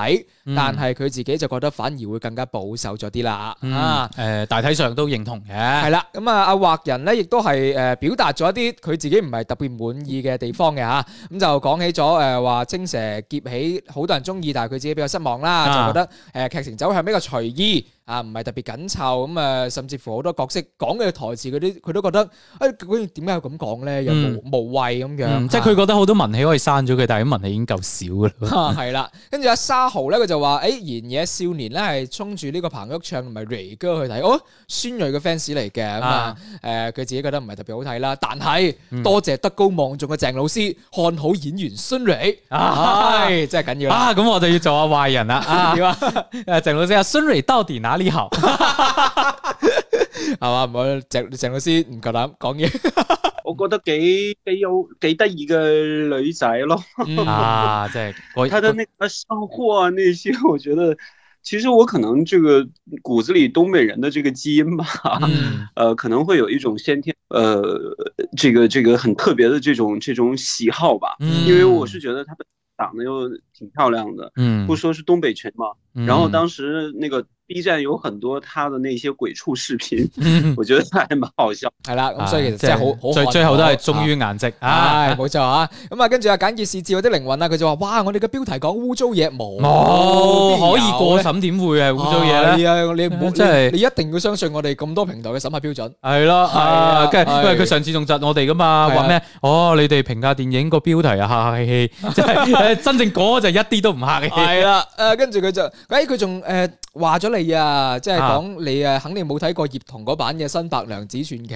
嗯、但係佢自己就覺得反而會更加保守咗啲啦。啊，誒、嗯呃，大體上都認同嘅，係啦。咁、嗯、啊，阿、啊、畫人咧亦都係誒表達咗一啲佢自己唔係特別滿意嘅地方嘅吓，咁、啊嗯、就講起咗誒話青蛇劫起。好多人中意，但係佢自己比較失望啦，啊、就覺得誒、呃、劇情走向比較隨意。啊，唔係特別緊湊咁誒、嗯，甚至乎好多角色講嘅台詞啲，佢都覺得誒，點、哎、解要咁講咧？又無、嗯、無謂咁樣，嗯、的即係佢覺得好多文戲可以刪咗佢，但係啲文戲已經夠少嘅啦。係啦、啊，跟住阿沙豪咧，佢就話：誒、欸，言野少年咧係衝住呢個彭昱暢同埋 Ray 哥去睇，哦，孫瑞嘅 fans 嚟嘅咁啊，誒、啊，佢、啊、自己覺得唔係特別好睇啦，但係、嗯啊、多謝德高望重嘅鄭老師看好演員孫瑞，係、哎哎哎、真緊要啊，咁我就要做下壞人啦 啊，誒、啊，鄭老師，阿孫瑞到底拿？啊啊啊啊呢行係嘛？唔鄭鄭老師唔夠膽講嘢，
我覺得幾幾有幾得意嘅女仔咯、 嗯。啊，對，他的那個上貨、啊、那些，我覺得其實我可能這個骨子裏東北人的這個基因吧，嗯、呃，可能會有一種先天，呃，這個、這個、這個很特別的這種這種喜好吧。因為我是覺得他長得又挺漂亮的，不說是東北城嘛，然後當時那個。B 站有很多他的那些鬼畜視頻，我覺得佢係蠻好笑。係啦，咁所以其實即係好最最後都係忠於
顏值，係，冇錯啊。咁啊，跟住啊簡潔視字有啲靈魂啊，佢就話，哇，我哋嘅標題講污糟嘢冇，冇可以過審，點會啊污糟嘢咧？你啊，你唔好即係，你一定要相信我哋咁多平台嘅審核標準。係咯，係，跟住因為佢上次仲窒我哋噶嘛，話咩？哦，你哋評價電影個標題啊，客客氣氣，即係真正嗰就一啲都唔客氣。係啦，誒，跟住佢就誒，佢仲誒話咗你。係啊，即係講你啊，肯定冇睇過葉童嗰版嘅《新白娘子傳奇》。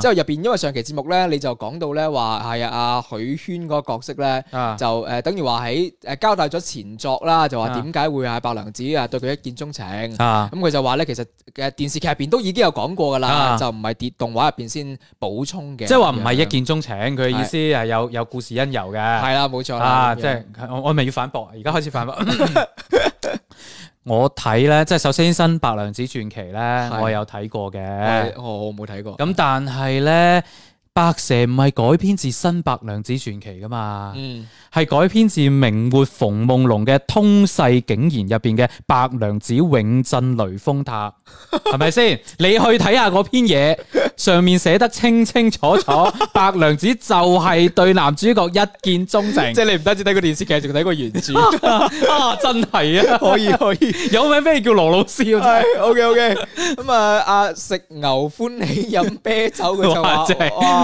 之後入邊，因為上期節目咧，你就講到咧，話係啊許宣嗰個角色咧，就誒等於話喺誒交代咗前作啦，就話點解會係白娘子啊對佢一見鍾情。咁佢就話咧，其實嘅電視劇入邊都已經有講過噶啦，就唔係跌動畫入邊先補充嘅。即係話唔係一見鍾情，佢意思係有有故事因由嘅。係啦，冇錯啦，即係我我咪要反駁，而家開始反駁。我睇咧，即係首先，新白娘子傳奇呢咧、啊嗯哦，我有睇過嘅。我我冇睇過。咁但係咧。白蛇唔係改編自《新白娘子傳奇》噶嘛？嗯，係改編自明末馮夢龍嘅《通世警言》入邊嘅《白娘子永鎮雷峰塔》，係咪先？你去睇下嗰篇嘢，上面寫得清清楚楚，白娘子就係對男主角一見鍾情。即係你唔單止睇個電視劇，仲睇個原著啊！真係啊，可以可以，有名咩叫羅老師啊？O K O K，咁啊，阿、啊、食、啊啊、牛歡喜飲啤酒嘅就話。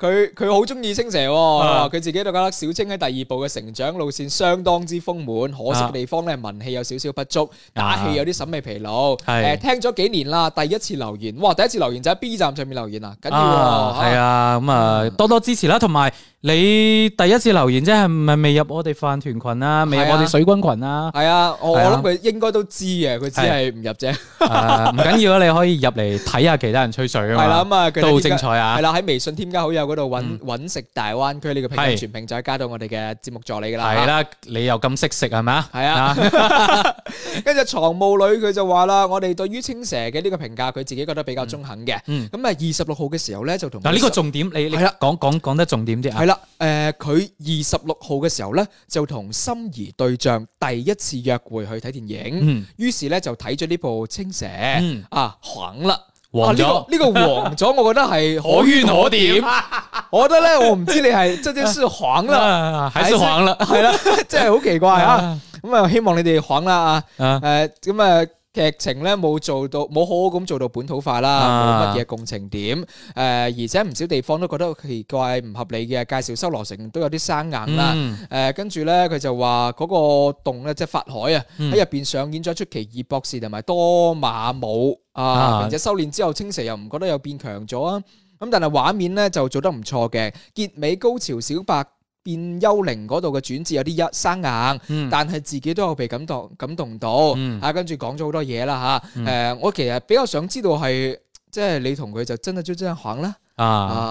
佢佢好中意青蛇，佢自己都覺得小青喺第二部嘅成長路線相當之豐滿，可惜地方咧文氣有少少不足，打戲有啲審美疲勞。係誒，聽咗幾年啦，第一次留言，哇！第一次留言就喺 B 站上面留言啊，緊要係啊，咁啊多多支持啦。同埋你第一次留言即係唔係未入我哋飯團群啊，未入我哋水軍群啊？係啊，我我諗佢應該都知嘅，佢只係唔入啫。唔緊要咯，你可以入嚟睇下其他人吹水噶嘛，係啦，咁啊，都好精彩啊！係啦，喺微信添加好友。嗰度揾揾食大灣區呢個評論全評，就可以加到我哋嘅節目助理噶啦，係啦，你又咁識食係咪？係啊，跟住藏霧女佢就話啦，我哋對於青蛇嘅呢個評價，佢自己覺得比較中肯嘅。嗯，咁啊，二十六號嘅時候咧就同嗱呢個重點，你你講講講得重點啲啊。係啦，誒，佢二十六號嘅時候咧就同心儀對象第一次約會去睇電影，嗯，於是咧就睇咗呢部青蛇，嗯啊，行啦。黃呢、啊這個這個黃咗，我覺得係可圈可點。 我覺得咧，我唔知你係這件事黃啦、 啊，還是黃啦，係啦是， 真係好奇怪啊！咁啊、嗯，希望你哋黃啦啊！咁啊。嗯嗯劇情咧冇做到冇好好咁做到本土化啦，冇乜嘢共情點誒、呃，而且唔少地方都覺得奇怪唔合理嘅，介紹修羅城都有啲生硬啦，誒跟住咧佢就話嗰、嗰個洞咧即係法海啊喺入邊上演咗出奇異博士同埋多瑪姆啊，而且、嗯、修煉之後青蛇又唔覺得有變強咗啊，咁但係畫面咧就做得唔錯嘅，結尾高潮小白。變幽靈嗰度嘅轉折有啲一生硬，嗯、但係自己都有被感動感動到，嗯、啊，跟住講咗好多嘢啦吓。誒、啊嗯呃，我其實比較想知道係，即、就、係、是、你同佢就真係做真行咧。啊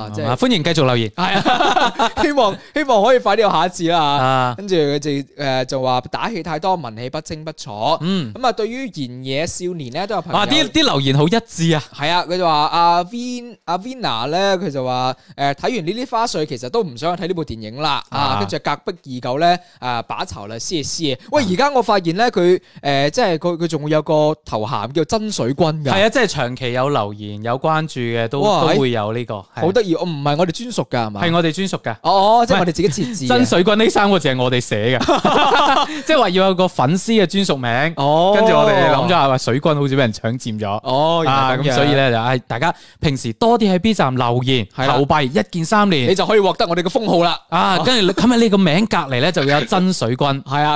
啊！即、就、係、是嗯、歡迎繼續留言，係啊，希望希望可以快啲有下一次啦。啊，跟住佢就誒就話打戲太多，文戲不清不楚。嗯，咁啊、嗯，對於言野少年咧都有朋友。朋哇、啊！啲啲留言好一致啊。係啊，佢就話阿 Vin 阿 Vina 咧，佢、啊啊、就話誒睇完呢啲花絮，其實都唔想睇呢部電影啦、啊啊。啊，跟住隔壁二狗咧啊把籌啦，撕啊喂，而家、呃呃、我發現咧佢誒即係佢佢仲會有個頭銜叫真水軍。係啊，即係長期有留言有關注嘅都都會有呢、這個。好得意，我唔係我哋專屬噶，係咪？係我哋專屬噶，哦，即係我哋自己設置。真水軍呢三個字係我哋寫嘅，即係話要有個粉絲嘅專屬名。哦，跟住我哋諗咗下，話水軍好似俾人搶佔咗。哦，啊，咁所以咧就，唉，大家平時多啲喺 B 站留言投幣，一鍵三連，你就可以獲得我哋嘅封號啦。啊，跟住你今日呢個名隔籬咧就會有真水軍。係啊，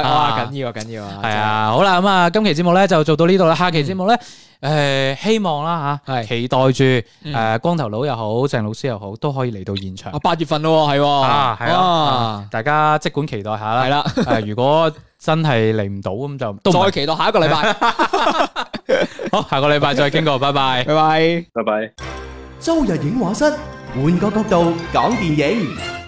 緊要啊，緊要，啊。係啊，好啦，咁啊，今期節目咧就做到呢度啦，下期節目咧。誒，希望啦吓，係期待住誒，光頭佬又好，鄭老師又好，都可以嚟到現場。八月份咯，係啊，係啦，大家即管期待下啦。係啦，誒，如果真係嚟唔到咁就，再期待下一個禮拜。好，下
個禮拜再傾過，拜拜，拜拜，拜拜。
周日影畫室，換個角度講電影。